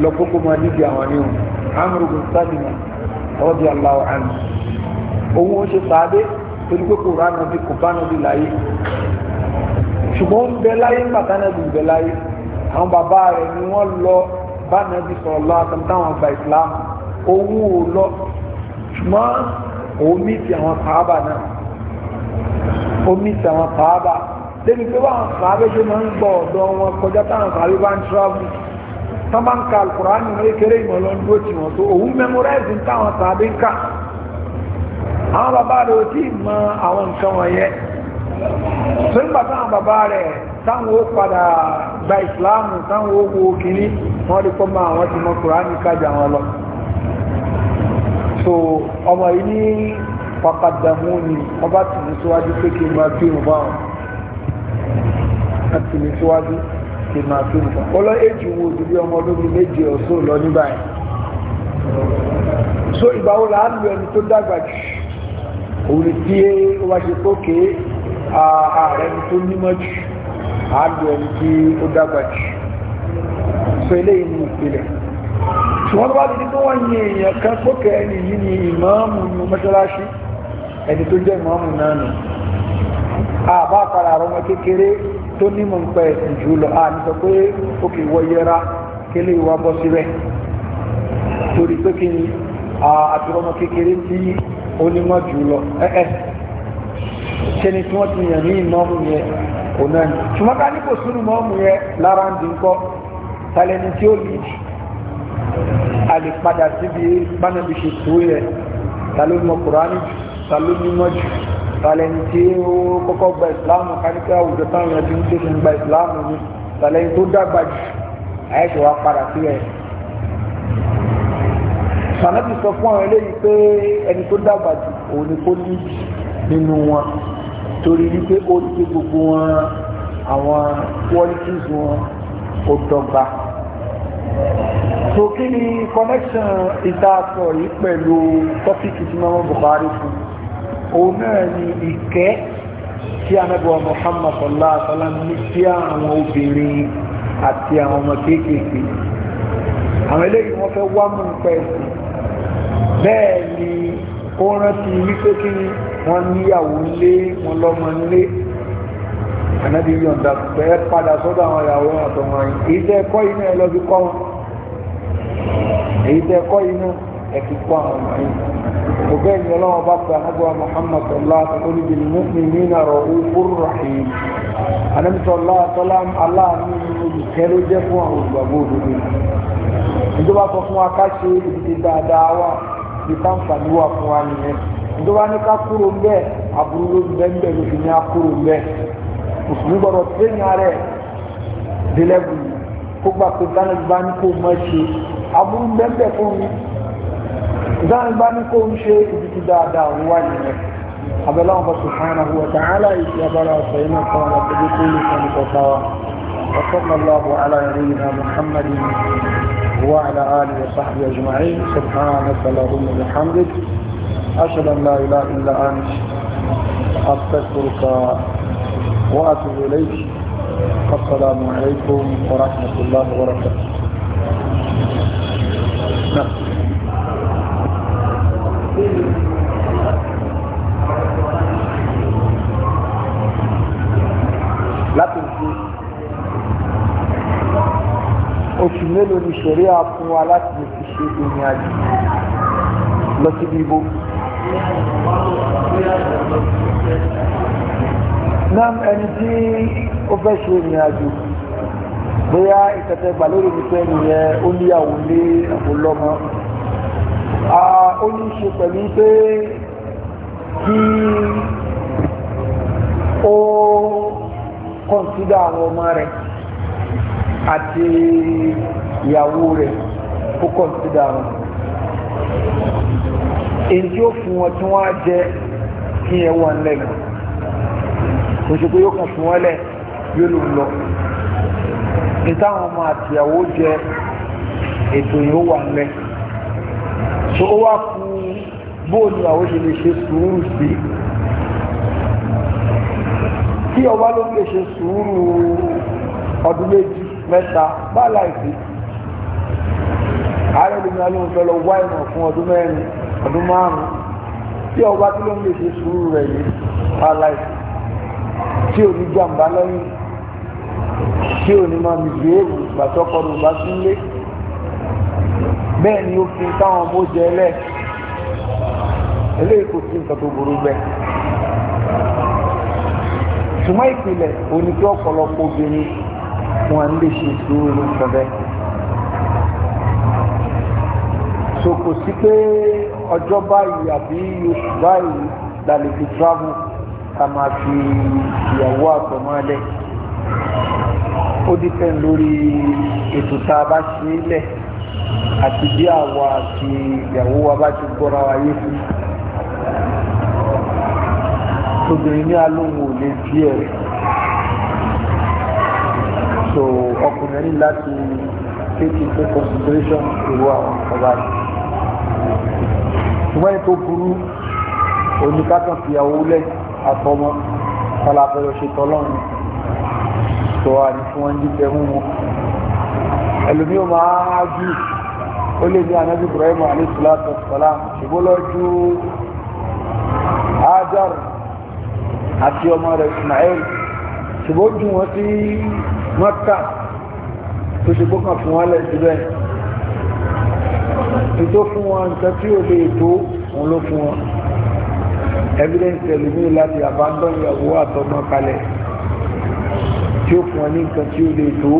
lọ kókó mọ níbi àwọn ní òun amúrùgùn sádìmọ̀ radiyallahu anhu òun ó ṣe sàádé torí pé kò ránà bí kò bá nàbí láyé ṣùgbọ́n ń bẹ láyé ń bàtà nàbí ń bẹ láyé àwọn bàbá rẹ̀ ni wọ́n lọ bá nàbí sọ̀rọ̀ lọ àtàwọn táwọn gba islam òun ò lọ ṣùgbọ́n òun mí ti àwọn sàábà náà òun mí ti àwọn sàábà débi pé báwọn sàábà ṣe máa ń gbọ́ ọ̀dọ́ wọn kọjá táwọn sàábà bá ń tíráfù tọ́mà ń ka alukurani wọn kéré ìmọ̀ lọ dúró tì wọ́n tó òun memorize ń táwọn tàbí ń kà àwọn bàbá rẹ̀ ò tí ì mọ àwọn nǹkan wọ̀nyẹn tó ń bàtà àwọn bàbá rẹ̀ táwọn ó padà gba ìsìláàmù táwọn ó wo kínní wọ́n rí pọ́nmọ́ àwọn ti mọ kurani kájà wọn lọ so ọmọ yìí ní pàpàdàmú ni wọ́n bá tì mí síwájú pé kí n máa bí òun bá wọn àti mí síwájú tètè máa fi nǹkan ọlọ́ èjì wo ju bí ọmọ ọdún bíi méje ọ̀sọ́ lọ ní báyìí so ìgbà wo là á lu ẹni tó dàgbà jù òun tí ó wá ṣe tókè ààrẹ ẹni tó nímọ̀ jù á lu ẹni tí ó dàgbà jù so eléyìí ní ìpìlẹ̀ ṣùgbọ́n bá ti tó wọ́n yin èèyàn kan tókè ẹni yìí ni ìmáàmù ní mọ́ṣáláṣí ẹni tó jẹ́ ìmáàmù náà nù àbá àpàrà àwọn kékeré tó ní mọ̀ ń pẹ́ jù lọ a ní sọ pé ó kì í wọ yẹra kí lè wá bọ́ síbẹ̀ torí pé kí ni àtúrọmọ kékeré tí ó ní mọ̀ jù lọ ẹ̀ẹ́ ṣẹni tí wọ́n ti yàn ní ìmọ̀ọ́mù yẹn kò náà ní ṣùgbọ́n ní kò sínú mọ́ọ̀mù yẹn lára ń dín kọ́ talẹ́ni tí ó lè jù a padà síbi bánàbí ṣe tó yẹ ta ló mọ̀ kùránì jù ta ní mọ̀ jù tàlẹ́yìn tí ó kọ́kọ́ gba ìsìláàmù káníkà àwùjọ táwọn èèyàn ti ń tètè gba ìsìláàmù ni tàlẹ́yìn tó dàgbà jù àyẹ̀tò wa padà sí ẹ̀. sànẹ́bí sọ fún àwọn eléyìí pé ẹni tó dàgbà jù òun ni kó ní nínú wọn torí wípé ó ti gbé gbogbo wọn àwọn qualities wọn ó dọ́gba. so kí connection ìta sọ yìí pẹ̀lú tọ́pìkì tí mọ́mọ́ Buhari fún un òun náà ni ìkẹ́ tí anábọ̀ Muhammad sọ̀lá àtàlá ní sí àwọn obìnrin àti àwọn ọmọ kéékèèké àwọn eléyìí wọ́n fẹ́ wá mú nǹkan ẹ̀sìn bẹ́ẹ̀ ni ó rántí wípé kí wọ́n níyàwó lé wọn lọ́mọ lé ànábi yọ̀ǹda pẹ́ padà sọ́dọ̀ àwọn ìyàwó àtọ̀wọ̀n èyí tẹ́ ẹ̀kọ́ yìí náà lọ́bi kọ́ wọn èyí tẹ́ ẹ̀kọ́ yìí ẹ̀kí kọ́ àwọn ọmọ yìí òbẹ́ ni ọlọ́wọ́ bá pe anábọ̀ Muhammad sọlá àtàkùn ìdí mu'minina ra'ufur rahim anábì sọlá àtọ́lá aláàánú olùkẹ́ ló jẹ́ fún àwọn olùgbàgbọ́ òdodo ìjọba sọ fún wa ká ṣe ìdíje dáadáa wa ní káǹfààní wà fún wa nìyẹn ìjọba ní ká kúrò ń bẹ́ẹ̀ aburú ló ń bẹ́ẹ̀ ló fi ní akúrò ń bẹ́ẹ̀ mùsùlùmí ìdáhùn bá ní kó ń ṣe ibi الله سبحانه وتعالى nìyẹn abẹ́lá ọba subhanahu wa ta'ala وصلى الله على نبينا محمد وعلى آله وصحبه أجمعين سبحانك اللهم وبحمدك أشهد أن لا إله إلا أنت أستغفرك وأتوب إليك السلام عليكم ورحمة الله وبركاته oṣù mélòó ni ṣẹ̀rí àfún wa láti lè fi ṣe ìrìn àjò lọ síbi ibo. náà ẹni tí ó fẹ́ ṣe ìrìn àjò bóyá ìtẹ̀tẹ̀ gbà lórí mi pé nìyẹn ó níyàwó lé àbólọ́mọ. ó ní ṣe pẹ̀lú pé kí ó kọ̀ǹsídà àwọn ọmọ rẹ̀ àti ìyàwó rẹ̀ ó kọ̀ǹsídà wọn èyí tí ó fún wọn tí wọ́n á jẹ kí ẹ wọ́n lẹ́nu òṣèpé yóò kàn fún wọn lẹ̀ yóò lò lọ ìtàwọn ọmọ àti ìyàwó jẹ ètò yìí ó wà ń lẹ so ó wá fún bóòlù àwọn ṣe ṣe sùúrù sí tí ọba ló lè ṣe sùúrù ọdún méjì mẹ́ta bá láìsí ààrẹ lómi alóhùn fẹ́ lọ wá ìmọ̀ fún ọdún mẹ́rin ọdún márùn-ún tí ọba tí ló ń lè ṣe sùúrù rẹ̀ yìí bá láìsí tí ò ní jàǹbá lẹ́yìn tí ò ní máa mìgbé èrò ìgbàsọ́kọ̀ ló bá sílé bẹ́ẹ̀ ni ó fi táwọn ọmọ jẹ ẹlẹ́ eléyìí kò sí nǹkan tó burú bẹ́ẹ̀ ṣùgbọ́n ìpìlẹ̀ òní tí ọ̀pọ̀lọpọ̀ obìnrin wọn lè ṣe sùúrù kan bẹ́ẹ̀. so kò sí pé ọjọ́ báyìí àbí oṣù báyìí la lè fi travel ká máa fi ìyàwó àtọ̀mọ́lẹ̀ ó dípẹ́ lórí ètò tá a bá ṣe é lẹ̀ àti bí àwa àti ìyàwó wa bá ti gbọ́ra wa yé sí obìnrin ní alóhùn ò lè bí ẹ̀rẹ̀ so ọkùnrin ní láti take into consideration ìwọ àwọn ọba rẹ̀ ṣùgbọ́n ètò burú oníkàtàn fìyàwó lẹ̀ àtọmọ falafẹ́lẹ́ ṣètò ọlọ́run sọ àní fún wọn jíjẹ mú wọn ẹlòmíì máa jù ó lè ní anábì Ibrahim alayhi salatu wassalam ṣùgbọ́n lọ́jú Hajar àti ọmọ rẹ̀ Ismail ṣùgbọ́n jù wọ́n sí Maka tó ṣe gbọ́kàn fún wọn lẹ̀ síbẹ̀ tó fún wọn nǹkan tí ò lè tó òun ló fún wọn evidence ẹlòmíì láti abandon ìyàwó àtọmọ kalẹ̀ tí ó fún wọn ní nǹkan tí ò lè tó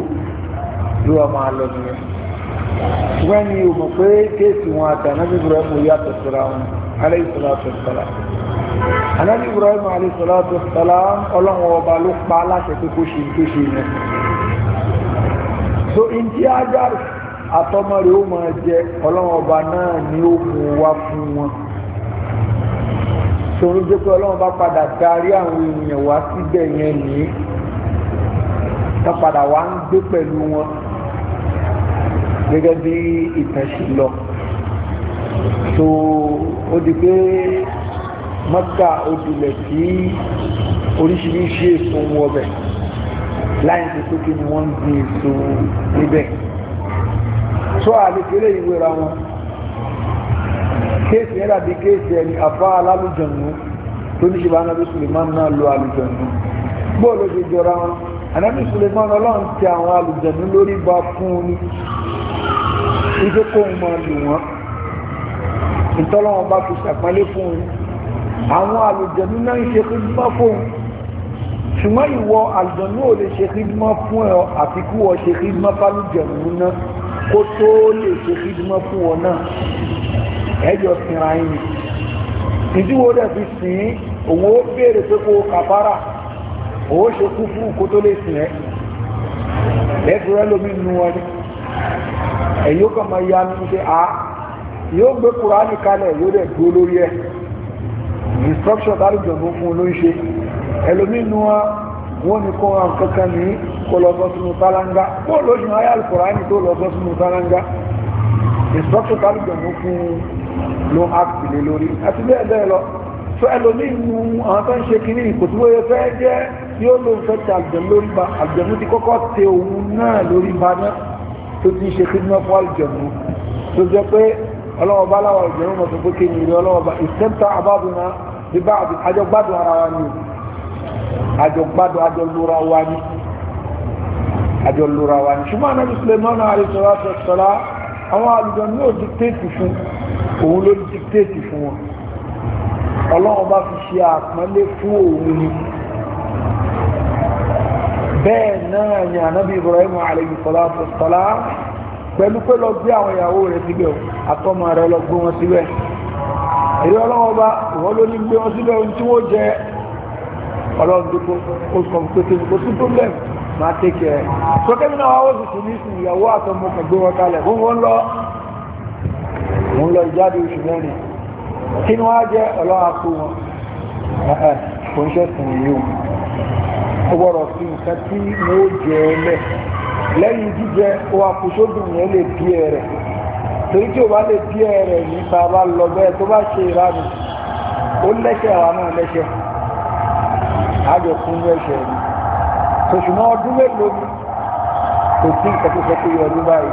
ló wà máa lọ nìyẹn wọ́n ní o mọ̀ pé kéèsì wọn àti anábì Ibrahim yàtọ̀ síra wọn alayhi salatu wassalam anábì Ibrahim alayhi salatu wassalam ọlọ́run ọba ló pa aláṣẹ pé kó ṣe tó ṣe yẹn so ìdí agbára àtọmọ rẹ̀ ó máa jẹ ọlọ́run ọba náà ni ó mú wá fún wọn sọ̀rọ̀ jẹ́ pé ọlọ́run bá padà darí àwọn èèyàn wá síbẹ̀ yẹn ní tá padà wá ń gbé pẹ̀lú wọn gẹ́gẹ́ bí ìtẹ̀sí lọ so ó di pé mọ́tà odùlẹ̀ tí oríṣiríṣi èso ń wọbẹ̀ láì ṣe sókè ni wọ́n ń gbin èso níbẹ̀ tó àlefèrè ìwé ra wọn kéèsì yẹn dàbí kéèsì ẹni afá alálùjọ̀nù tó ní ṣùgbọ́n anábì suleman náà lo àlùjọ̀nù bóòlù ṣe jọra wọn anábì suleman ọlọ́run ti àwọn àlùjọ̀nù lórí ba fún un ní ife kó ń máa lù wọ́n ìtọ́lọ́wọ́n bá fi ṣàpálẹ́ fún un àwọn àlùjọ̀nù náà ń ṣe pé bá fóun ṣùgbọ́n ìwọ àlùjọ̀nú ò lè ṣe hídímọ́ fún ẹ àfikún ọ ṣe hídímọ́ fálùjọ̀nú náà kó tó lè ṣe hídímọ́ fún ọ náà ẹjọ́ sinra yìí ìdíwọ́ rẹ̀ fi sìn òun ó béèrè pé kó kàbárà ó ṣe kú fún kó tó lè sìn ẹ́ ẹ̀fúrẹ́ lómi nu wọn ni ẹ̀yọ́ kan máa ya nínú pé a yóò gbé kúránì kalẹ̀ yóò dẹ̀ dúró lórí ẹ̀ instruction tálùjọ̀nú fún ló ń ṣe ẹlòmínú wa wọ́n ní kọ́ àwọn kankan ní kó lọ bọ́ sínú tálángá kó lóṣù ayé alukùránì tó lọ bọ́ sínú tálángá instructor tálùgbẹ̀mú fún ló act lé lórí àti bẹ́ẹ̀ bẹ́ẹ̀ lọ so ẹlòmínú àwọn tó ń ṣe kiri ìkòtúwó yẹ fẹ́ jẹ́ yóò ló ń fẹ́ ti àgbẹ̀mú lórí ba àgbẹ̀mú ti kọ́kọ́ tẹ òun náà lórí ba náà tó ti ń ṣe kiri náà fún àlùjẹ̀mú tó jẹ́ pé ọlọ́wọ́ bá láwọn àlùjẹ̀mú mọ̀ àjọ gbádùn àjọ lóra wa ni àjọ lóra wa ni ṣùgbọ́n anábì Sulemana àrísọ́lá sọ̀tọ̀lá àwọn àlùjọ ní ò díktéètì fún òun ló díktéètì fún wọn ọlọ́run bá fi ṣe àpọ́nlé fún òun ni bẹ́ẹ̀ náà ni anábì Ibrahim àrísọ́lá sọ̀tọ̀lá pẹ̀lú pé lọ gbé àwọn ìyàwó rẹ̀ síbẹ̀ àtọ́mọ rẹ̀ lọ gbé wọn síbẹ̀ èrè ọlọ́wọ́ bá ìwọ́n ló ní gbé wọn síbẹ̀ ohun tí wọ́n jẹ́ ọlọ́run dúpọ́ ó sọ pé kí ni kò sí problem máa tẹ́kẹ̀ ẹ̀ sọ́kẹ́mi náà wọ́n sì ní sùn ìyàwó àtọmọ kan gbé wọn kalẹ̀ fún wọn lọ wọn lọ ìjáde oṣù mẹ́rin kí ni wọ́n á jẹ́ ọlọ́run àpò wọn ẹ̀ẹ́ kò ń ṣẹ̀sìn yìí o ó gbọ́dọ̀ fi nǹkan tí wọ́n jẹ ẹ lẹ̀ lẹ́yìn jíjẹ ó àpòṣódùn yẹn lè bí ẹ rẹ̀ torí tí o bá lè bí ẹ rẹ̀ nípa bá lọ bẹ́ẹ̀ tó bá ṣe ìranù ó lẹ́ṣẹ̀ àwa náà lẹ́ṣẹ̀ àjọ fún ẹ̀ṣẹ̀ ni ṣùgbọ́n ọdún mélòó ni kò sí nǹkan tó sọ pé ọdún báyìí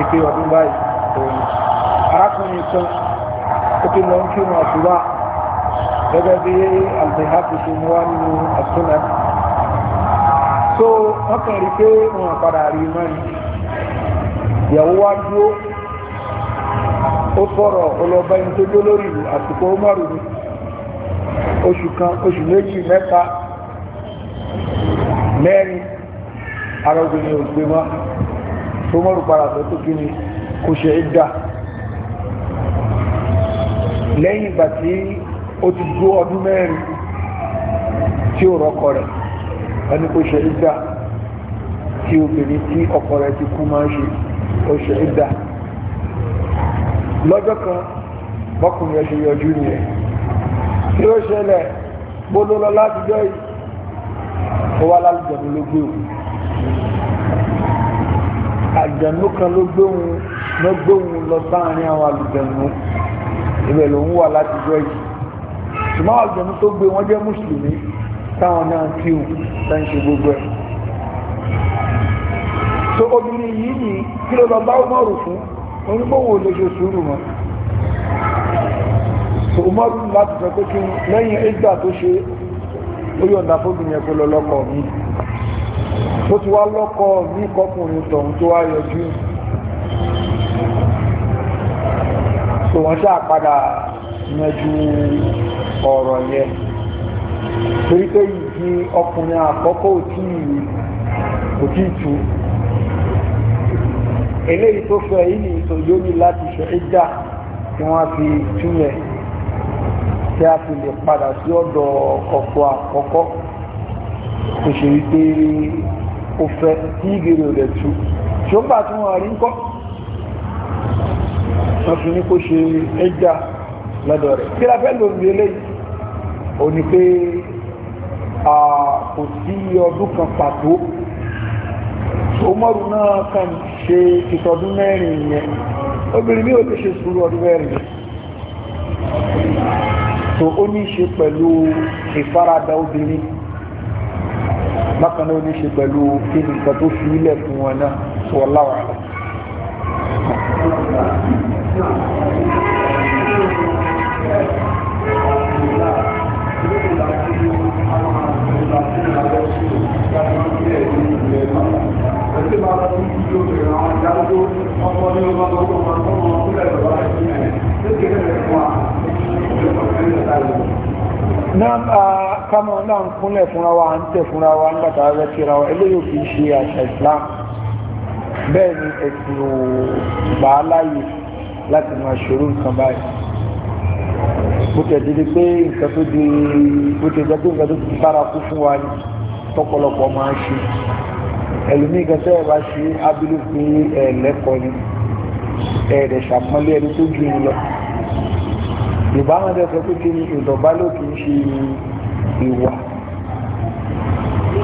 èké ọdún báyìí òun arákùnrin kan ó ti lọ ń kírun àṣùwà gẹ́gẹ́ bí àlùbẹ̀háàtì ṣe mú wá nínú àṣùnà so wọ́n kàn rí pé wọn padà rí mọ́ni ìyàwó wá dúró ó sọ̀rọ̀ ọlọ́ba ẹni tó dó lórí àsìkò ó mọ̀rùn-ún oṣù kan oṣù méjì mẹ́ta mẹ́rin ara obìnrin ò gbé mọ́ tó mọ́rù padà tó tó kí ni kò ṣe é dà lẹ́yìn ìgbà tí ó ti gbó ọdún mẹ́rin tí ó rọ́kọ rẹ̀ ẹni kò ṣe é dà tí obìnrin tí ọkọ rẹ̀ ti kú máa ń ṣe ó ṣe é dà lọ́jọ́ kan bọ́kùnrin ẹ̀ ṣe yọjú nìyẹn tí ó ṣẹlẹ̀ gbóló lọ láti jọ yìí ó wá lálùjọ̀nù ló gbé òun àjọ̀nù kan ló gbé òun ló gbé òun lọ sáàrin àwọn àlùjọ̀nù ibẹ̀ lòun wà láti jọ yìí ṣùgbọ́n àlùjọ̀nù tó gbé wọn jẹ́ mùsùlùmí táwọn náà kí òun tá ń ṣe gbogbo ẹ̀ so obìnrin yìí ni kí ló lọ bá ọmọ rò fún onígbòwò lè ṣe sùúrù mọ́ so umaru láti sọ pé kí n lẹ́yìn ìgbà tó ṣe ó yọ̀ǹda fóbìnrin ẹ̀kọ́ lọ lọ́kọ mi ó ti wá lọ́kọ mi kọkùnrin tọ̀hún tó wá yọjú so wọ́n ṣáà padà yanjú ọ̀rọ̀ yẹn torí pé ìdí ọkùnrin àkọ́kọ́ ò tí ò tí tu eléyìí tó fẹ́ yìí ni ìtòyóní láti ṣe ìjà tí wọ́n fi túlẹ̀ tí a fi lè padà sí ọ̀dọ̀ ọkọ̀ àkọ́kọ́ tó ṣe wípé ó fẹ́ tí ìgbèrè rẹ̀ tú tí ó ń bà tí wọ́n rí ń kọ́ wọ́n fi ní kó ṣe ẹja lọ́dọ̀ rẹ̀ kí la fẹ́ lò ní eléyìí o ní pé kò sí ọdún kan pàtó Umaru náà kàn ṣe ìtọ́dún mẹ́rin yẹn obìnrin mi ò lè ṣe sùúrù ọdún mẹ́rin so ó ní ṣe pẹ̀lú ìfaradà obìnrin bákan náà ó ní ṣe pẹ̀lú kí nìkan tó fi ilẹ̀ fún wọn náà sọ láwàá náà kámọ̀ náà ń kúnlẹ̀ fúnra wa ń tẹ̀ fúnra wa ń gbàtà rẹ̀ síra wa eléyìí kì í ṣe àṣà Islam bẹ́ẹ̀ ni ẹ̀sìn ò gbà á láàyè láti máa ṣòro nǹkan báyìí bó tẹ̀ di pé nǹkan tó di bó tẹ̀ jẹ́ pé nǹkan tó ti sára kú fún wa ni tọ́pọ̀lọpọ̀ máa ń ṣe ẹlòmíì kan tẹ́ ẹ bá ṣe ábílẹ̀ pé ni ẹ̀ẹ́dẹ̀ ṣàpọ́nlé ẹni tó ju ìlọ yorùbá wọn dẹ sọ pé kí ni ìdọ̀bálẹ̀ kì í ṣe ìwà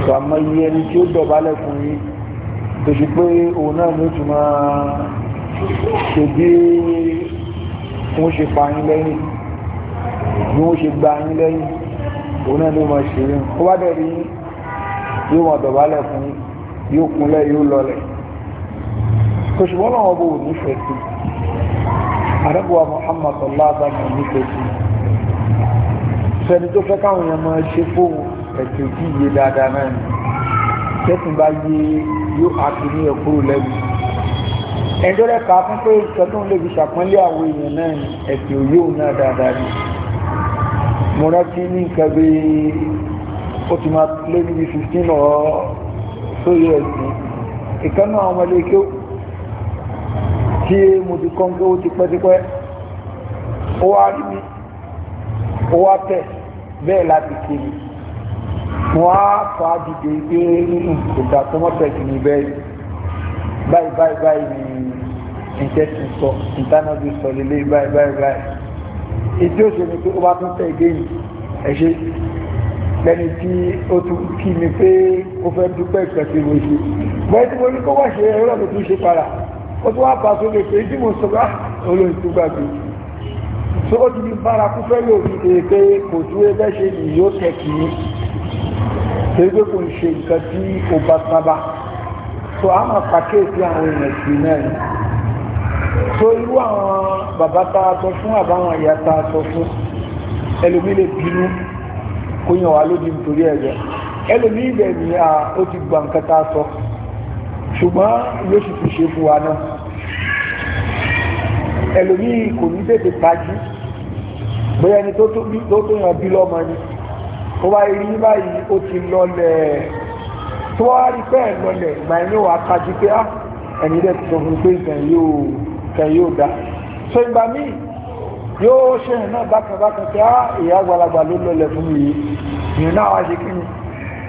sọ àmọ́ iye ẹni tí ó dọ̀bálẹ̀ fún yín tó ṣe pé òun náà ló tún máa ṣe bí wọ́n ṣe pa yín lẹ́yìn bí wọ́n ṣe gba yín lẹ́yìn òun náà ló máa ṣe yín ó wá dẹ̀ rí yín yóò máa dọ̀bálẹ̀ fún yín yóò kúnlẹ̀ yóò lọlẹ̀ kò ṣùgbọ́n làwọn bò ní fẹ́ sí àdàbọ̀wà Muhammad ọláàbá ní oníkejì sẹni tó fẹ́ káwọn èèyàn máa ṣe fóun ẹ̀tọ́ tí yé dáadáa náà ni tẹ́sán bá yé yóò àtúnyẹ kúrò lẹ́nu ẹjọ́rẹ́ ká fún pé ìtọ́tún lè fi ṣàpọ́nlé àwọn èèyàn náà ni ẹ̀sìn òye náà dáadáa ni mo rántí ní nǹkan bí ó ti máa lé níbi fifteen or so years ni ìkànnà àwọn ọmọ ilé tí mo ti kọ́ pé ó ti pẹ́tipẹ́ ó wá rí mi ó wá tẹ̀ bẹ́ẹ̀ láti kiri wọ́n á fà á dìde pé nínú ìgbà tó mọ́ tẹ̀sí ní bẹ́ẹ̀ báyìí báyìí báyìí ni ìtẹ́sí sọ ìtànàbí sọ lélẹ́ báyìí báyìí báyìí ìdí òṣèlú pé ó bá tún tẹ̀ géyìn ẹ̀ṣẹ́ lẹ́ni tí ó tún kí mi pé ó fẹ́ dúpẹ́ ìpẹ̀sẹ̀ ìwòsí bẹ́ẹ̀ tí mo ní kó wá ṣe ẹ̀rọ mi tún ṣe para ó tó wá bá sókè pé tí mo sọ́gbà olóyìn tó gbàgbé tó ó ti di bára kú fẹ́ lò ní èké kò tó ẹgbẹ́ ṣe ní yóò tẹ̀kì ní pé kò ń ṣe nǹkan tí ó bá sábà tó a máa pàkíyèsí àwọn èèyàn sí náà tó irú àwọn bàbá tá a sọ fún àbáwọn ìyá tá a sọ fún ẹlòmí lè bínú kó yàn wá lójú nítorí ẹ̀jẹ̀ ẹlòmí ibẹ̀ ni a ó ti gbà nǹkan tá a sọ fún ṣùgbọ́n yóò sì fi ṣe fún wa náà ẹlòmíì kò ní tètè tají bóyá ẹni tó tó yàn bí lọ́mọ ni ó bá rí báyìí ó ti lọlẹ̀ tó wá rí bẹ́ẹ̀ lọlẹ̀ ìgbà ẹni wà á tají pé á ah, ẹni dẹ̀ ti fún pé ìtàn yóò tàn yóò dá so ìgbà míì yóò ṣe náà bákanbákan tí á ìyá àgbàlagbà ló lọlẹ̀ fún mi yìí ìyẹn náà wá ṣe kí ni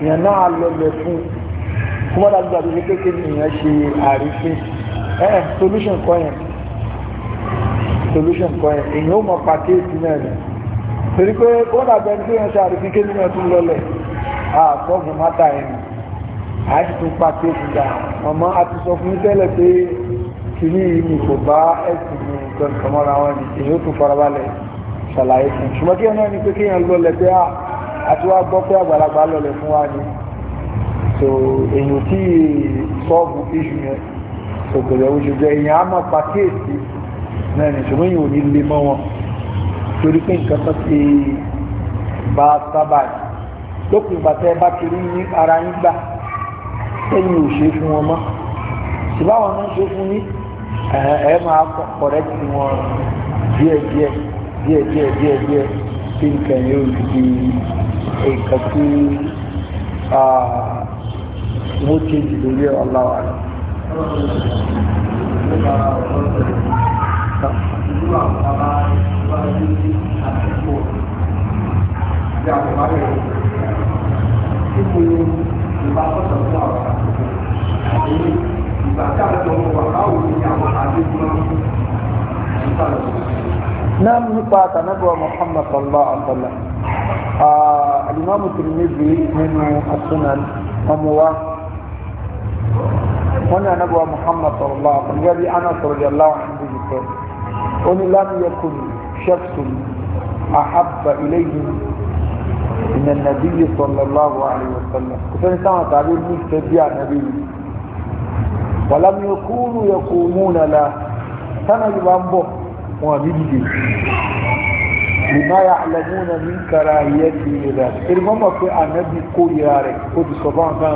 ìyẹn náà lọlẹ̀ fún mi kó má dàgbà tó ṣe kéèké nìyẹn ṣe àrífín ẹ solution kọ yẹn solution kọ yẹn èyí ó mọ pàkéèsì náà ni torí pé ó dàgbà ẹni tó yẹn ṣe àrífín kéèké náà tún lọlẹ̀ àtọ́gùn mátà yẹn àìsí tún pàkéèsì dà ọmọ àti sọ fún tẹ́lẹ̀ pé kìíní yìí ni kò bá ẹ̀sìn mi nǹkan kan mọ́ra wọn ni èyí ó tún farabalẹ̀ ṣàlàyé fún un ṣùgbọ́n kí ẹ náà ní pé kí ẹ lọlẹ̀ pé àtiwá gbọ́ pé àgbàlagbà lọlẹ̀ fún wa ni so èyàn tí sọ́ọ̀bù iṣu yẹn so gbèrè oṣù jẹ èyàn á máa pàkíyèsí náà ní ṣùgbọ́n èyàn ò ní lè mọ́ wọn torí pé nǹkan kan ti bá sábà lópin ìgbà tẹ́ bá ti rí ní ara yín gbà ẹ̀yìn ò ṣe fún wọn mọ́ ṣùgbọ́n náà ṣe fún yín ẹ máa kọ̀rẹ́ tí wọn díẹ̀díẹ̀ díẹ̀díẹ̀ díẹ̀díẹ̀ tí nǹkan yóò di nǹkan tí ah, wọ́n kéjì lórí ọláwà rẹ̀. Nam nípa àtànàbọ̀ Muhammad sallallahu alaihi wa sallam. Alimami ah, Tirmidhi nínú Asunan, ọmọ wa wọ́n ní anábọ̀ muhammad sọ̀rọ̀lá ọ̀gbẹ́ bí aná sọ̀rọ̀lá láwọn ẹni bíi pẹ́ ó ní lámìyẹ kùn ṣẹ́fṣùn àhábà iléyìn ìnà nàbíyí sọ̀rọ̀lá wà àlùwọ̀sọ̀lá kò sẹ́ni táwọn tàbí ní ìfẹ́ bí ànábì yìí wàlámi kúrú yẹ kó mú nàlá tánà yìí bá ń bọ̀ lima ya min karahiyati ila irmama pe anabi ko yare ko di soban kan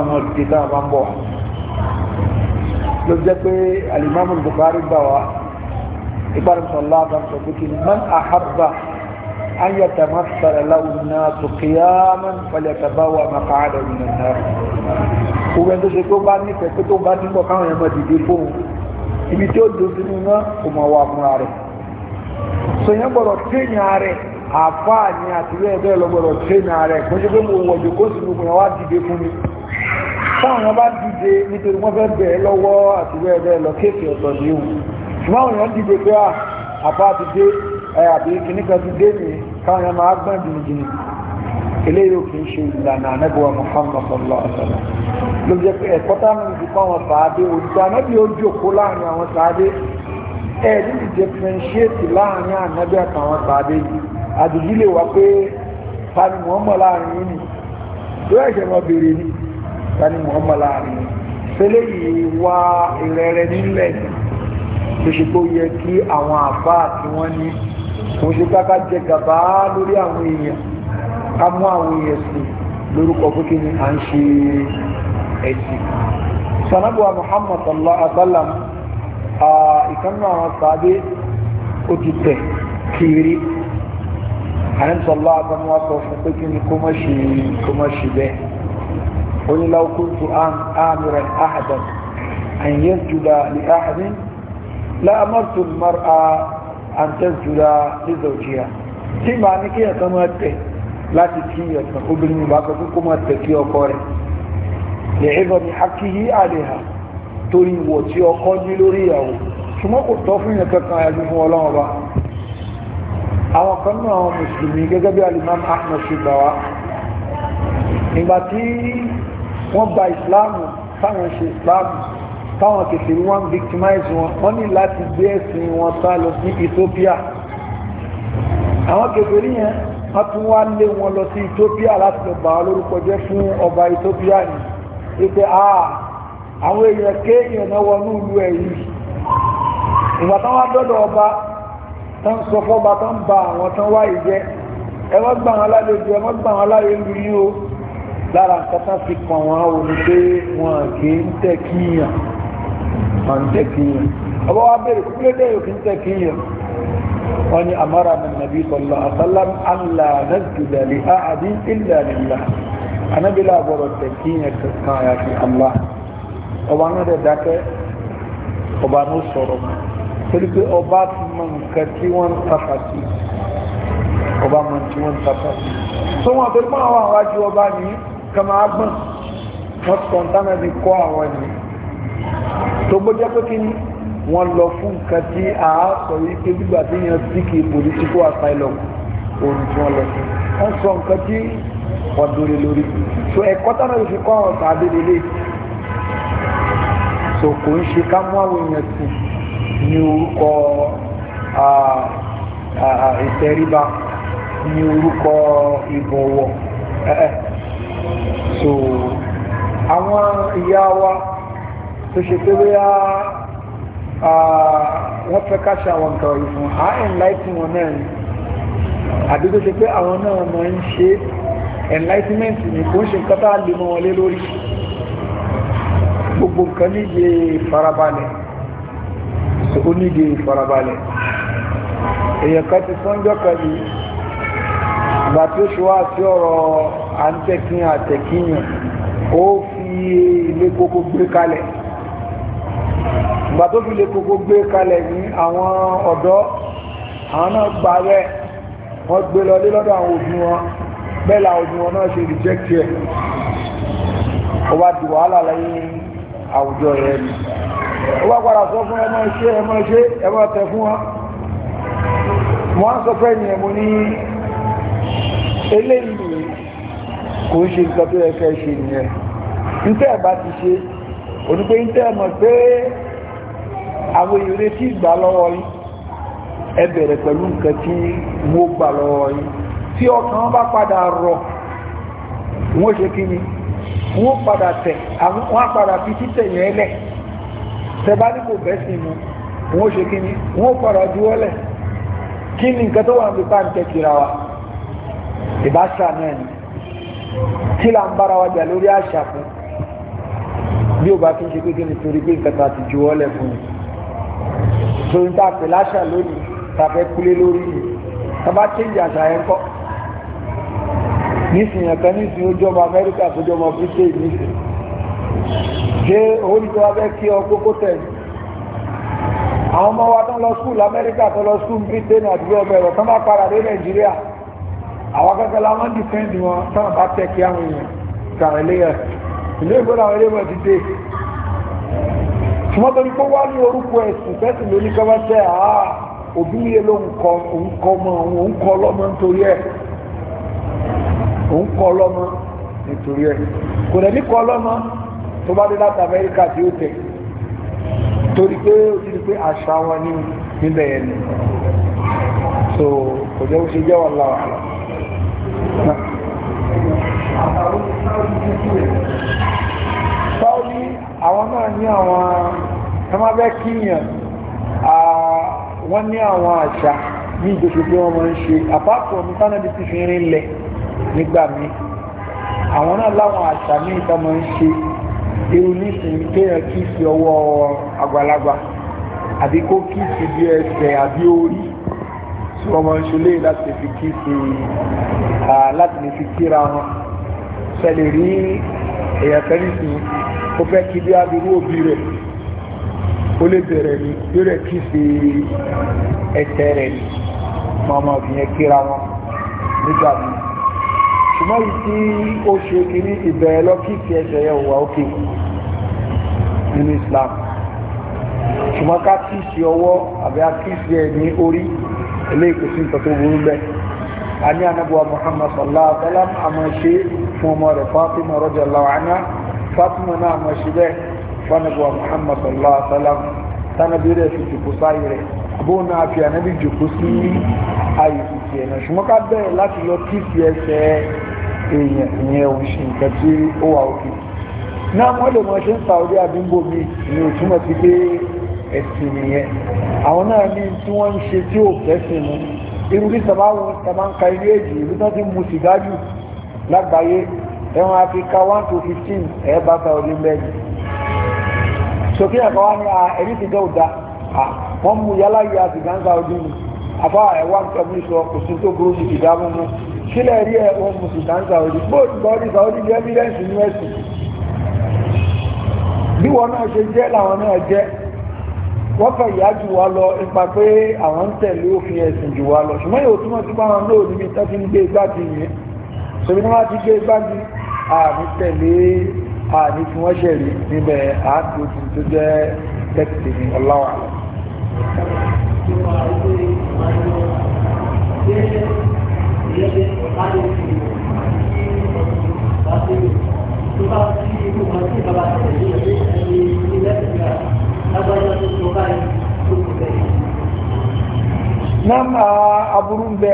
ló jẹ́ pé alimami Bukhari gbà wá ibrahim sọlá àbámsọ pé kí ni man ahabba an yà tàmà sara láwùn náà tó kíyàmà falẹ̀ tàbá wà má ká àdà wùn náà gbogbo ẹni tó ṣe pé ó bá nífẹ̀ẹ́ pé tó bá nígbà káwọn èèyàn máa dìde fóun ibi tí ó dùn sínú náà kò máa wà fúnra rẹ̀ sọyìn gbọ́dọ̀ tẹ̀yìn ààrẹ àfáà ni àtìlẹ́yìn bẹ́ẹ̀ lọ gbọ́dọ̀ tẹ̀yìn ààrẹ ṣe pé mo wọ̀jọ̀ kó sì táwọn bá dìde nítorí wọ́n fẹ́ bẹ̀ẹ́ lọ́wọ́ àti bẹ́ẹ̀ bẹ́ẹ̀ lọ kéèkì ọ̀tọ̀ ní o ṣùgbọ́n àwọn èèyàn dìde pé ah, àbá ti dé àbí kìíní kan ti dé ní káwọn máa gbọ́n jìnnìjìnnì eléyìí ò kì í ṣe ìlànà anábíwá Muhammad sallallahu alaihi wa sallam ló jẹ́ pé ẹ̀kọ́ táwọn ti kọ́ àwọn sàádé òjò anábì ó jòkó láàrin àwọn sàádé ẹ̀ níbi differentiate láàrin anábì àtàwọn sàádé yìí àdùjú lè wá pé ta ni láàrin yìí ni tani muhammad láàrin fẹlẹ yìí wá ìrẹrẹ nílẹ̀ tó ṣe tó yẹ kí àwọn àfáà tí wọn ní kò ṣe káká jẹ gàbá lórí àwọn èèyàn ká mú àwọn èèyàn sí lórúkọ pínpín ní à ń ṣe ẹsìn sanabuwa muhammad sallallahu ìkànnì àwọn sàádé ó ti tẹ̀ kiri àrẹ́sọ̀lá àtàwọn sọ fún pé kí ni kó má ṣe bẹ́ẹ̀. قل لو كنت آمرا أحدا أن يسجد لأحد لأمرت المرأة أن تسجد لزوجها كما أنك يتمتع لا تتكي يتنقبل من باكتكم التكي وقوري لعظم حقه عليها torí ìwọ̀ tí ọkọ ní lórí ìyàwó ṣùgbọ́n kò tọ́ fún ìyẹn kankan ẹ̀jú fún ọlọ́run ọba àwọn kan náà àwọn mùsùlùmí gẹ́gẹ́ bí alimam ahmed ṣe gbà wá nígbà tí wọ́n gba ìsìláàmù táwọn ṣe ìsìláàmù táwọn kèfèrí wọ́n victimize wọn wọ́n ní láti gbé ẹ̀sìn wọn sá lọ sí Ethiopia àwọn kèfèrí yẹn wọ́n tún wá lé wọn lọ sí Ethiopia láti lọ bà á lórúkọ jẹ́ fún ọba Ethiopia ni wípé àwọn èèyàn kéèyàn náà wọnú ìlú ẹ̀ yìí ìgbà tán wá dọ́dọ̀ ọba tán sọ fọ́ba tán ba àwọn tán wá ìjẹ ẹ wọ́n gbà wọn lálejò ẹ wọ́n gbà wọn láyé lu yín o lára nǹkan tá fi kàn wọ́n ò ní pé wọn kì í tẹ̀ kíyàn wọn tẹ̀ kíyàn ọba wa bèrè kúlẹ̀ dé yòókì ń tẹ̀ kíyàn wọ́n ní amara min nabi sallallahu alaihi wasallam alla nasjuda li ahadin illa lillah anabila bọ̀rọ̀ tẹ̀ kíyàn kankan àyàfi allah ọba náà dẹ̀ dákẹ́ ọba náà sọ̀rọ̀ torí pé ọba ti mọ nǹkan tí wọ́n ń sí ọba mọ tí wọ́n ń sí. sọ wọn àwọn àwájú ọba nìyí kan máa gbọ́n wọ́n sọ tánà fi kọ́ àwọn ènìyàn tó gbọ́jọ́ pé kí ni lọ fún nǹkan tí a sọ yìí pé gbígbà tí yẹn sí kì í political asylum òun tí wọ́n lọ sí wọ́n sọ nǹkan tí wọ́n dòrè lórí so ẹ̀kọ́ tánà fi kọ́ àwọn tàbí lélẹ̀ so kò ń ṣe ká mú àwọn èèyàn sí ní orúkọ ìtẹríba ní orúkọ ìbọ̀wọ̀ so àwọn ìyá wa tó ṣe pé bóyá wọ́n fẹ́ ká ṣe àwọn nǹkan ọ̀yìn fún a enlighten wọn náà ni àbí tó ṣe pé àwọn náà máa ń ṣe enlightenment ni kò ń ṣe nǹkan tá a lè mọ wọn lórí gbogbo nǹkan níye ìfarabalẹ̀ ó níye ìfarabalẹ̀ èèyàn kan ti sọ́njọ́ kan ní ìgbà tí ó ṣe wá sí ọ̀rọ̀ à ń tẹ́kí àtẹ̀kíyàn ó fi ilé kókó gbé kalẹ̀ ìgbà tó fi ilé kókó gbé kalẹ̀ ní àwọn ọ̀dọ́ àwọn náà gbà rẹ̀ wọ́n gbé lọ lé lọ́dọ̀ àwọn òbí wọn bẹ́ẹ̀ la òbí wọn náà ṣe reject ẹ̀ ó wá di wàhálà lẹ́yìn àwùjọ rẹ̀ ni ó wá padà sọ fún ẹ ṣe ẹ ṣe ẹ tẹ fún wọn mo á sọ fẹ́ ni mo ní eléyìí kò ń ṣe nǹkan tó yẹ kẹ́ ṣe nìyẹn níta ẹ̀ bá ti ṣe onípe níta ẹ̀ mọ̀ pé àwọn èrè tí gbà lọ́wọ́ yín ẹ bẹ̀rẹ̀ pẹ̀lú nǹkan tí mo gbà lọ́wọ́ yín tí ọkàn bá padà rọ̀ wọ́n ṣe kí ni wọ́n padà tẹ̀ àwọn apàdà fi títẹ̀ yẹn lẹ̀ tẹ́bá ní kò bẹ́ sí mu wọ́n ṣe kí ni wọ́n padà juwọ́ lẹ̀ kí ni nǹkan tó wà nípa ń tẹ́ wa ìbáṣà náà kí là ń bára wa jà lórí àṣà fún bí ó bá tún ṣe kékeré nítorí pé nǹkan ta ti ju ọlẹ fún un torí tá a pè láṣà lónìí tá a fẹ́ kúlé lórí yìí tá a bá chéjì àṣà yẹn kọ́ nísìnyí ẹ̀ka nísìnyí ojú ọmọ Amẹ́ríkà tó jọmọ Britain nísìnyí ṣé òun tó wá fẹ́ kí ọ kókó tẹ̀ ní àwọn ọmọ wa tán lọ skul Amẹ́ríkà tán lọ skul Britain àdúgbò ọmọ ẹ̀rọ tán bá padà dé Nàìjíríà àwọn akẹ́kọ̀ọ́ la máa ń dìfẹ́ǹdì wọn táwọn bá tẹ̀ kí àwọn èèyàn kà ẹlẹ́yà ilé ìgbó làwọn ẹlẹ́yà ti dé ṣùgbọ́n torí pé wá ní orúkọ ẹ̀sìn fẹ́sì lóní kọ́mẹ́tẹ́ àá òbí yẹ ló ń kọ ọmọ òun kọ lọ́mọ nítorí ẹ̀ òun kọ lọ́mọ nítorí ẹ̀ kò dẹ̀ ní kọ lọ́mọ tó bá dé láti Amẹ́ríkà tí ó tẹ̀ torí pé ó ti di pé àṣà wọn ní níbẹ̀ yẹn ni so kò jẹ́ bó ṣe jẹ́ wọn láwàá sáwọ́lì àwọn náà ní àwọn ẹmọ́bẹ́ kíyàn wọ́n ní àwọn àṣà ní ìgbésò pé wọ́n máa ń ṣe àpapọ̀ ní tánàbí ti fi rin lẹ̀ nígbà mí àwọn náà láwọn àṣà ní ìta máa ń ṣe irú nísìnyí kéèyàn kí sí ọwọ́ àgbàlagbà àbí kó kí sí bí ẹsẹ̀ àbí orí tí wọ́n máa ń ṣe léyìn láti fi kí sí láti lè fi kíra wọn ṣẹlẹ̀ rí èèyàn tẹ́lẹ̀ sí ó fẹ́ kí bí abirú òbí rẹ̀ ó lè bẹ̀rẹ̀ ní bí rẹ̀ kí sí ẹsẹ̀ rẹ̀ ní màmá òbí yẹn kíra wọn nígbà mi ṣùgbọ́n yìí tí ó ṣe kiri ìbẹ̀rẹ̀ lọ kí ti ẹsẹ̀ yẹn wà ókè nínú Islam ṣùgbọ́n ká kí sí ọwọ́ àbí ká kí sí ẹ̀ ní orí eléyìí kò sí nǹkan tó burú bẹ́ẹ̀ a ní anábọ̀ muhammad sallallahu alaihi wa sallam a máa ṣe fún ọmọ rẹ̀ fatima radiyallahu anha fatima náà máa ṣe bẹ́ẹ̀ fún anábọ̀ muhammad sallallahu alaihi wa sallam tánàbí rẹ̀ fi jòkó sáyé rẹ̀ bó náà fi anábì jòkó sí ayé tuntun ẹ̀ náà ṣùgbọ́n ká bẹ̀rẹ̀ láti lọ kí fi ẹsẹ̀ èèyàn ìyẹn ò ṣe nǹkan tí ó wà òkè náà wọ́n lè mọ̀ ṣe ń Saudi àdúgbò mi ni ò túmọ̀ sí pé ẹ̀sìn nìyẹn àwọn náà ní tí wọ́n ń ṣe tí ò fẹ́sìn mu irú bí sàbáwọn sàbá ń ka ilé èjì ìlú tó ti mu sìgá jù lágbàáyé ẹ̀wọ̀n Áfíríkà one to fifteen ẹ̀ bá ta ọdún bẹ́ẹ̀ sókè àkọwá ni ẹni ti dẹ́ ò da wọ́n mu yálà yìí àti gánza ọdún ni àbá ẹ̀wà nǹkan mi sọ kò sí tó burú ní sìgá mímu kílẹ̀ rí ẹ̀ wọ́n mu sìgá ń sàwọ́dí bóòtù bá rí sàwọ́dí jẹ́ mílíọ̀nù ní ẹ̀sìn bí wọn náà ṣe jẹ́ làwọn náà jẹ́ wọ́n fẹ̀ ìyá jù wá lọ ipa pé àwọn ń tẹ̀lé òfin ẹ̀sìn jù wá lọ ṣùgbọ́n yóò túmọ̀ sí báwọn náà níbi tó ti ń gbé igbági yẹn ṣòbí ni wọ́n ti gbé igbági àmì tẹ̀lé àmì tí wọ́n ṣẹ̀ rí níbẹ̀ àti tó jẹ́ tẹ́kìtì ní ọláwà lọ. Thank you lágbájá tó tó báyìí tó kù bẹ́ẹ̀. nọ́mbà aburú ń bẹ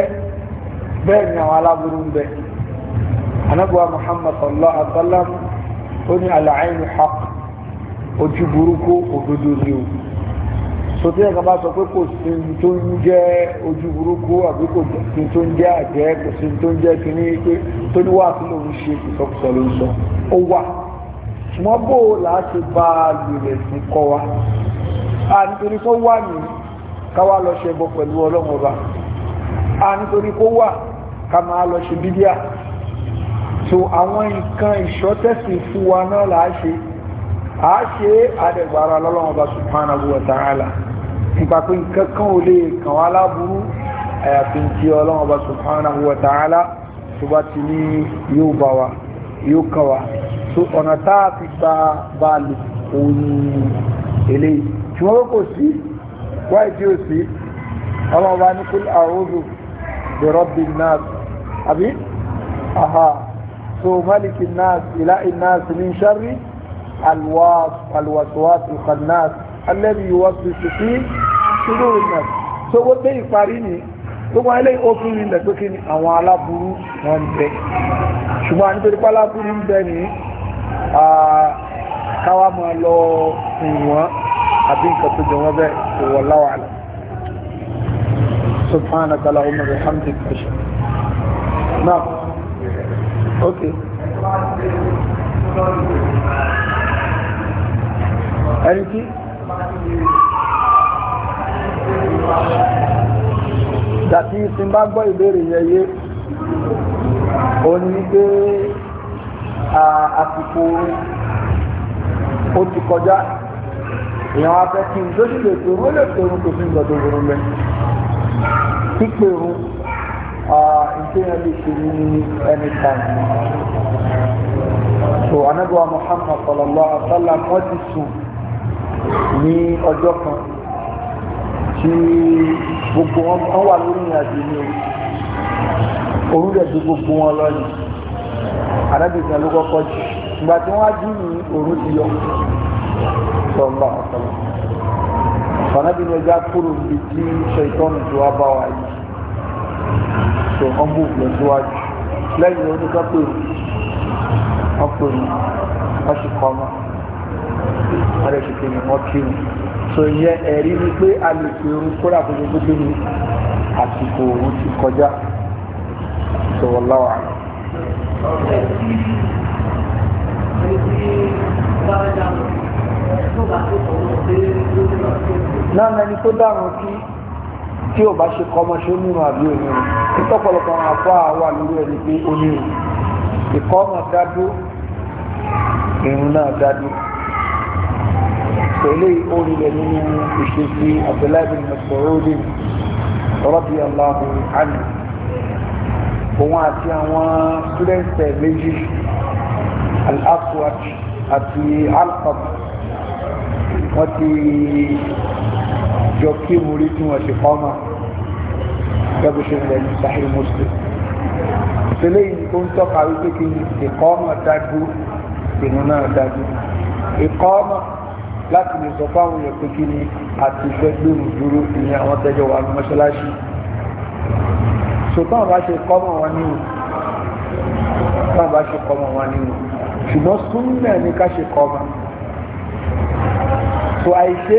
bẹ́ẹ̀ ni àwọn aláburú ń bẹ anabuwa muhammad sallallahu alaihi wa sallam ó ní alaayinu haq ojú burúkú òdodo ni o sotí ẹ̀ka bá sọ pé kò sí ní tó ń jẹ́ ojú burúkú àbí kò sí tó ń jẹ́ àjẹ́ kò sí tó ń jẹ́ kíní pé tó ní wàásù lòún ṣe ìsọkúsọ ló ṣùgbọ́n bó o láti bá a gbèrè fún kọ́ wa a nítorí kó wà ní káwá lọ ṣe bọ pẹ̀lú ọlọ́run a nítorí kó wà ká máa lọ ṣe bídíà so àwọn nǹkan ìṣọ́tẹ̀sìn fún wa náà là á ṣe à á ṣe àdẹ̀gbàrà lọ́lọ́run ọba subhanahu wa ta'ala nípa pé nǹkan kan ò lè kàn wá láburú àyàfi tí ọlọ́run ọba subhanahu wa ta'ala tó bá ti ní yóò bá wa yóò kàn wá so ọ̀nà tá a fi gba báàlù òun ni eléyìí ṣùgbọ́n kò sí wáyé tí ó sí ọlọ́wọ́ ní kúlù àrùdù bẹ̀rọ̀bì náà àbí aha so maliki náà ilá iná sí ní sharri alwaswasu khannas alẹ́bí wọ́n ti fi sí ṣúgbọ́n ni gbogbo ilé òfin ilẹ̀ tó kí ni àwọn aláburú wọn ń bẹ ṣùgbọ́n nítorí pálábúrú ń bẹ ní káwá máa lọ ìwọ̀n àbí nǹkan tó jẹ wọ́n bẹ́ẹ̀ tó wọ́n láwàá lọ سبحانك اللهم وبحمدك اشهد نعم اوكي انت tàbí tí bá gbọ́ ìbéèrè yẹn yé ó ní pé àsìkò ó ti kọjá èèyàn wá fẹ́ kí n tó sì lè pèrún ó lè pèrún kò sí nǹkan tó burú mẹ́ pípèrún ìpéyàn lè ṣe ní ẹni tàbí so anábíwá Muhammad sallallahu alaihi wa sallam wọ́n ti sùn ní ọjọ́ kan tí gbogbo wọn wà lórí ìrìnàjò ní o òun rẹ̀ ju gbogbo wọn lọ ni arábìnrin ló kọ́kọ́ jù ìgbà tí wọ́n á jí ní òru ti yọ sọ̀rọ̀ ọ̀sọ̀rọ̀ fanabirin ẹja kúrò níbi tí ṣètọ́nù tó wá bá wa yìí tó wọ́n bú ìfẹ́ síwájú lẹ́yìn oníkápẹ́ ọkùnrin wọ́n sì kọ́ ọmọ wọ́n lè ṣe kéwìn wọ́n kéwìn so yẹ ẹ̀rí ni pé a lè fi irun kóra fún gbogbo ní àsìkò òun ti kọjá so wallahu a'lam. náà ẹni tó dáhùn kí tí ò bá ṣe kọmọṣe onírun àbí onírun ìtọ́pọ̀lọpọ̀ àwọn àfọ́ àwà lórí ẹni pé onírun ìkọ́ ọmọ dádó irun náà dádó pẹ̀lú orílẹ̀ nínú ìṣesí Abdullahi bin Mas'ud radiyallahu anhu òun àti àwọn túlẹ̀ǹsẹ̀ méjì al-Aswad àti alqab wọ́n ti jọ kí múrí tí wọ́n ṣe kọ́mà gẹ́gẹ́ ṣe rẹ̀ ní yìí tó ń tọ́ka wípé kí ìkọ́mà dájú ìnú náà dájú ìkọ́mà láti lè sọ fáwọn èèyàn pé kí ni àti ìfẹ́ gbèrú dúró ìyẹn àwọn tẹ́jọ wà ní mọ́ṣáláṣí ṣùgbọ́n bá ṣe kọ́mọ̀ wọn nínú bá bá ṣe kọ́mọ̀ wọn nínú ṣùgbọ́n súnmọ̀ ní ká ṣe kọ́mọ̀ tó àìṣe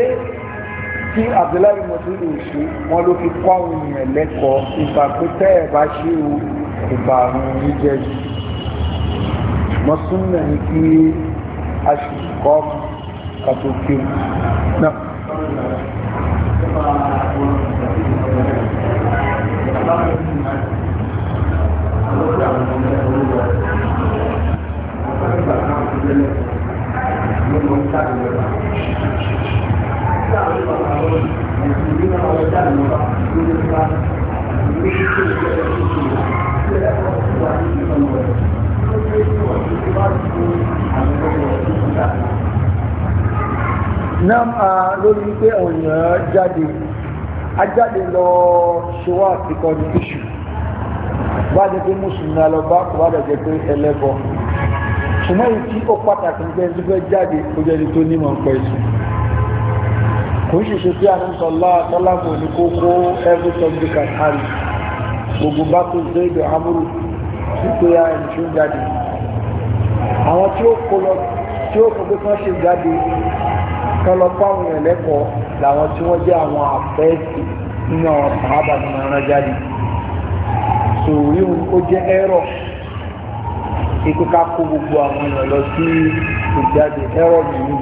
tí Abdullahi mọ̀túlù ṣe wọn ló fi kọ́ àwọn èèyàn lẹ́kọ̀ọ́ ìgbà pé tẹ́ ẹ̀ bá ṣe o ìgbà àrùn yìí ṣùgbọ́n súnmọ̀ ní kí ká tó kéwù Thank you náà lórí wípé ọ̀yàn jáde ajáde lọ ṣọwọ́ àfikọ́ ní iṣu bá jẹ́ pé mùsùlùmí alọ́bá kò bá dẹ̀ jẹ́ pé ẹlẹ́bọ ṣùgbọ́n èyí tí ó pàtàkì nígbà tí fẹ́ jáde kó jẹ́ ní tó nímọ̀ ń pẹ́ sí kò ń ṣiṣẹ́ sí àrùnsọ̀lá tọ́lámù ní kókó every sunday can gbogbo bá tó ṣe èdè amúrù wípé a ìṣó jáde àwọn tí ó kó lọ tí ó kó pé kán ṣe jáde kán lọ fáwọn èèyàn lẹ́kọ̀ọ́ làwọn tí wọ́n jẹ́ àwọn àfẹ́ẹ̀sì nínú àwọn sàábà ní ara jáde sòrí ó jẹ́ ẹ̀rọ ikú ká kó gbogbo àwọn èèyàn lọ sí ìjáde ẹ̀rọ nìyí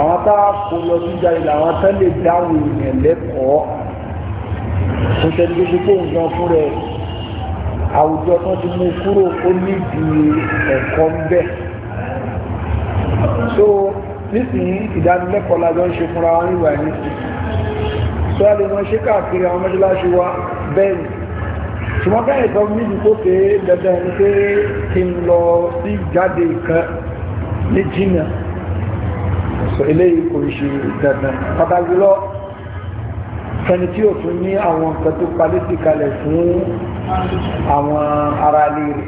àwọn tá a kó lọ sí ìjáde làwọn tán lè dáhùn èèyàn lẹ́kọ̀ọ́ kò tẹ́lẹ̀ gbogbo kó nǹkan fún rẹ̀ àwùjọ tó ti mú kúrò ó nídìí ẹ̀kọ́ ń bẹ̀ so nísìnyí ìdánilẹ́kọ̀ọ́ lájọ́ ń ṣe fúnra wọn nígbà nísìn tó a lè ṣe káàkiri àwọn mọ́ṣáláṣí wa bẹ́ẹ̀ ni ṣùgbọ́n káyẹ̀ sọ níbi tó pé dandan ni pé kí n lọ sí jáde kan ní jìnnà sọ eléyìí kò ń ṣe dandan pàtàkì lọ fẹni tí ó tún ní àwọn nǹkan tó palẹ́ sí kalẹ̀ fún àwọn ará ilé rẹ̀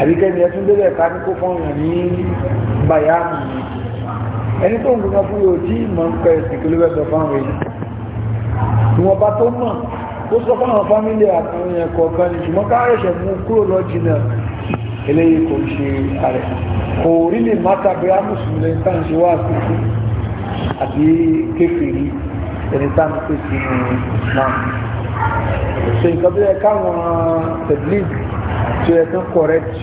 àbíkẹ́ni ẹ̀ ká ní kó fọ́nrán ní bàyá nìyí ẹni tó ń gbogbo fún yóò tí ìmọ̀ ń pẹ́ ìsìnkúlẹ̀ sọ fáwọn èyí ìwọ̀nba tó mọ̀ tó sọ fáwọn fámílì àtàwọn yẹn kọ̀ọ̀kan ní ṣùgbọ́n káàrẹ̀ṣẹ̀ mú kúrò lọ jìnà eléyìí kò ṣe ààrẹ kò rí lè má tàbí amúsùnlẹ̀ ẹni tá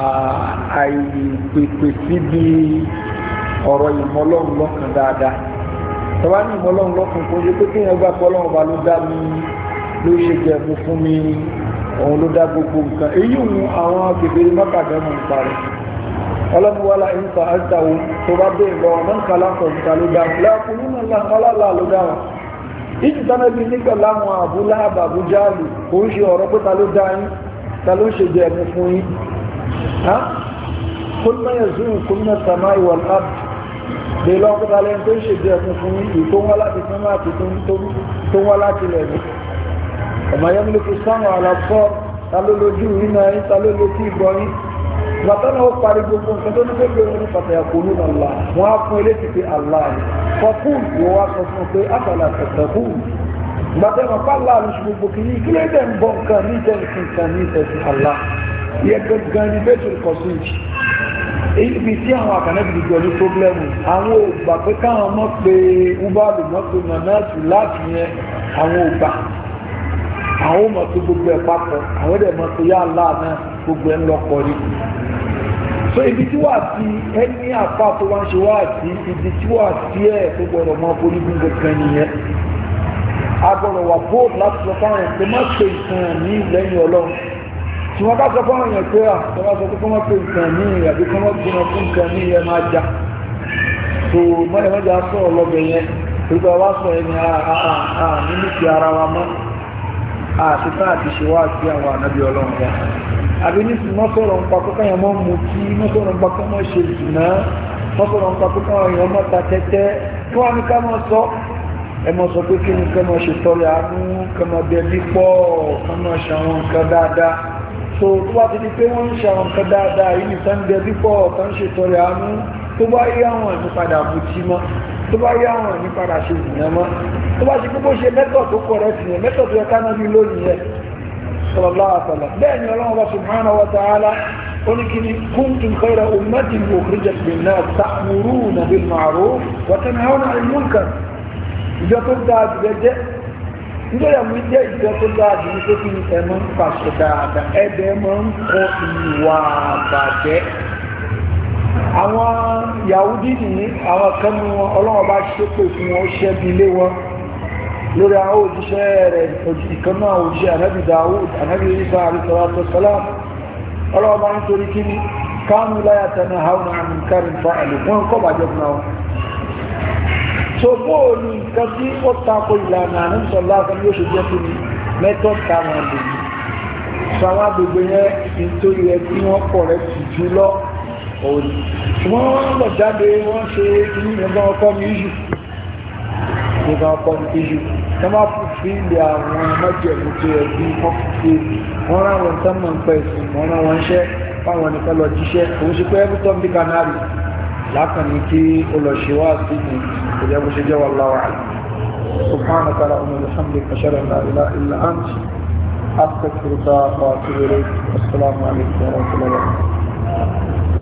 Ah, àìpèpè síbi ọ̀rọ̀ ìmọ̀lọ́run lọ́kàn dáadáa tọ́wá ní ìmọ̀lọ́run lọ́kàn kó yẹ pé kí èèyàn gbà pé ọlọ́run ọba ló dá mi ló ṣe fún mi gbogbo nǹkan èyí àwọn mọ́kàdé mọ̀ tó bá bẹ́ẹ̀ lọ ọmọ nǹkan láǹkọ̀ ló dá wọn láàkúnú ọlọ́lá ló dá wọn ìtìtánà bíi nígbà láwọn àbúlá àbàbújá kò ń ṣe ọ̀rọ̀ pé ta ló ta ló ṣe ha kul ma yazuru kum na samai wal ard de lo ko dalen to se de ko fún yìí tó wá láti sama àti tó tó tó wá láti le ni o ma yamliku sama ala so ta ló lójú ina yin ta ló lójú iboyin bàtàna ó parí gbogbo nǹkan tó ní pé gbèrò ní pàtàkì kò ní ọ̀la wọn á fún eléyìí pé Allah ni fọkùn wo wá sọ fún un pé àbàlà tẹ̀tẹ̀ kù bàtàna pàlà àlùsùn gbogbo kìíní Allah yẹ gẹ́gẹ́ ní bẹ́tùn kọ̀síjì ibi tí àwọn àkànẹ́bì jọ ní pọ́blẹ́mù àwọn ògbà pé káwọn mọ́ pé ubalu mọ́ pé mọ̀nàtù láti yẹn àwọn ògbà àwọn mọ̀ tó gbogbo ẹ̀ papọ̀ àwọn ẹ̀dẹ̀ mọ̀ tó yá láàánà gbogbo ẹ̀ ń lọ pọ̀ ní. so ibi tí wàá ti ẹni àpá tó wá ń ṣe wá àti ibi tí wàá ti ẹ̀ tó gbọdọ̀ mọ́ pé onígun kankan nìyẹn a wà bóòlù láti sọ fáwọn ẹ̀ pé má pè tí wọ́n bá sọ fún ọ̀yàn pé à ah, tó bá sọ pé kọ́mọ́ pé nǹkan ní àbí kọ́mọ́ pé wọ́n fún nǹkan ní ẹ máa jà tó mọ́lẹ̀ mọ́jà sọ̀rọ̀ lọ́bẹ̀ yẹn gbogbo àwa sọ ẹ ah, ah, ní àà nínú ti ara wa mọ́ àti tá àti ṣe wá sí àwọn ànábì ọlọ́run wa àbí ní sùn mọ́sọ̀rọ̀ ń pa kókó yẹn mọ́ mu kí mọ́sọ̀rọ̀ ń pa kókó ṣe jùlọ mọ́sọ̀rọ̀ ń pa kókó ẹ mọ́ sọ pé kí ni ká mọ́ ṣe tọrẹ àánú ká mọ́ bẹ bí pọ̀ ká mọ́ ṣe àwọn nǹkan dáadáa so tó bá ti di pé wọ́n ń ṣe àwọn nǹkan dáadáa yìí tán jẹ pípọ̀ tán ṣe tọrẹ àánú tó bá yá wọn ní padà bùtí mọ́ tó bá yá wọn ní padà ṣe ìyàn mọ́ tó bá ṣe pé bó ṣe mẹ́tọ̀ tó kọ̀ rẹ̀ tìyẹn mẹ́tọ̀ tó yẹ ká náà bí lónìí yẹn sọlọ́lá àtàlà bẹ́ẹ̀ ni ọlọ́run bá subhanahu wa ta'ala ó ní kí ni kuntum khayra ummatin ukhrijat lin-nas ta'muruna bil-ma'ruf wa tanhawna 'anil munkar ìjọ tó dáa jù jẹ́ nítorí àwọn ilé ìjọ tó dáàbò ní pé kí ẹ máa ń pàṣẹ dáadáa ẹbẹ máa ń kọ ìwà àbàjẹ́ àwọn yahudi nìyí àwọn kan nu wọn ọlọ́wọ́n bá ṣépè fún wọn ó ṣẹ́bi ilé wọn lórí àwọn òjíṣẹ́ rẹ̀ ìkan náà òjíṣẹ́ ànábì Dawud ànábì Isa àrísọ̀rọ̀ àtọ́sọ́lá ọlọ́wọ́n bá ń torí kí ni kánú láyàtọ̀ náà hàn ní àmì kárin fa àlè kọ́ bàjẹ́ fún àwọn so bóòlù nǹkan tí ó tako ìlànà àníṣọ́lá kan yóò ṣe jẹ́ fún mi method táwọn àgbègbè sọ àwọn àgbègbè yẹn nítorí ẹ tí wọ́n pọ̀ rẹ̀ sì jù lọ òní ṣùgbọ́n wọ́n lọ jáde wọ́n ṣe inú ìgbà ọkọ mi yù ìgbà ọkọ mi yù wọ́n máa fún fíìlì àwọn mọ́jẹ̀mú tó yẹ bí wọ́n fi ṣe wọ́n rán àwọn tán mọ̀ ń pẹ̀ wọ́n rán wọn ṣẹ́ fáwọn nìkan lọ jíṣẹ́ òun ṣe pé every لكن يكي ó lọ ṣe wá sí ní ìjẹ́ bó سبحانك اللهم وبحمدك اشهد ان لا اله الا انت استغفرك واتوب اليك السلام عليكم ورحمه الله وبركاته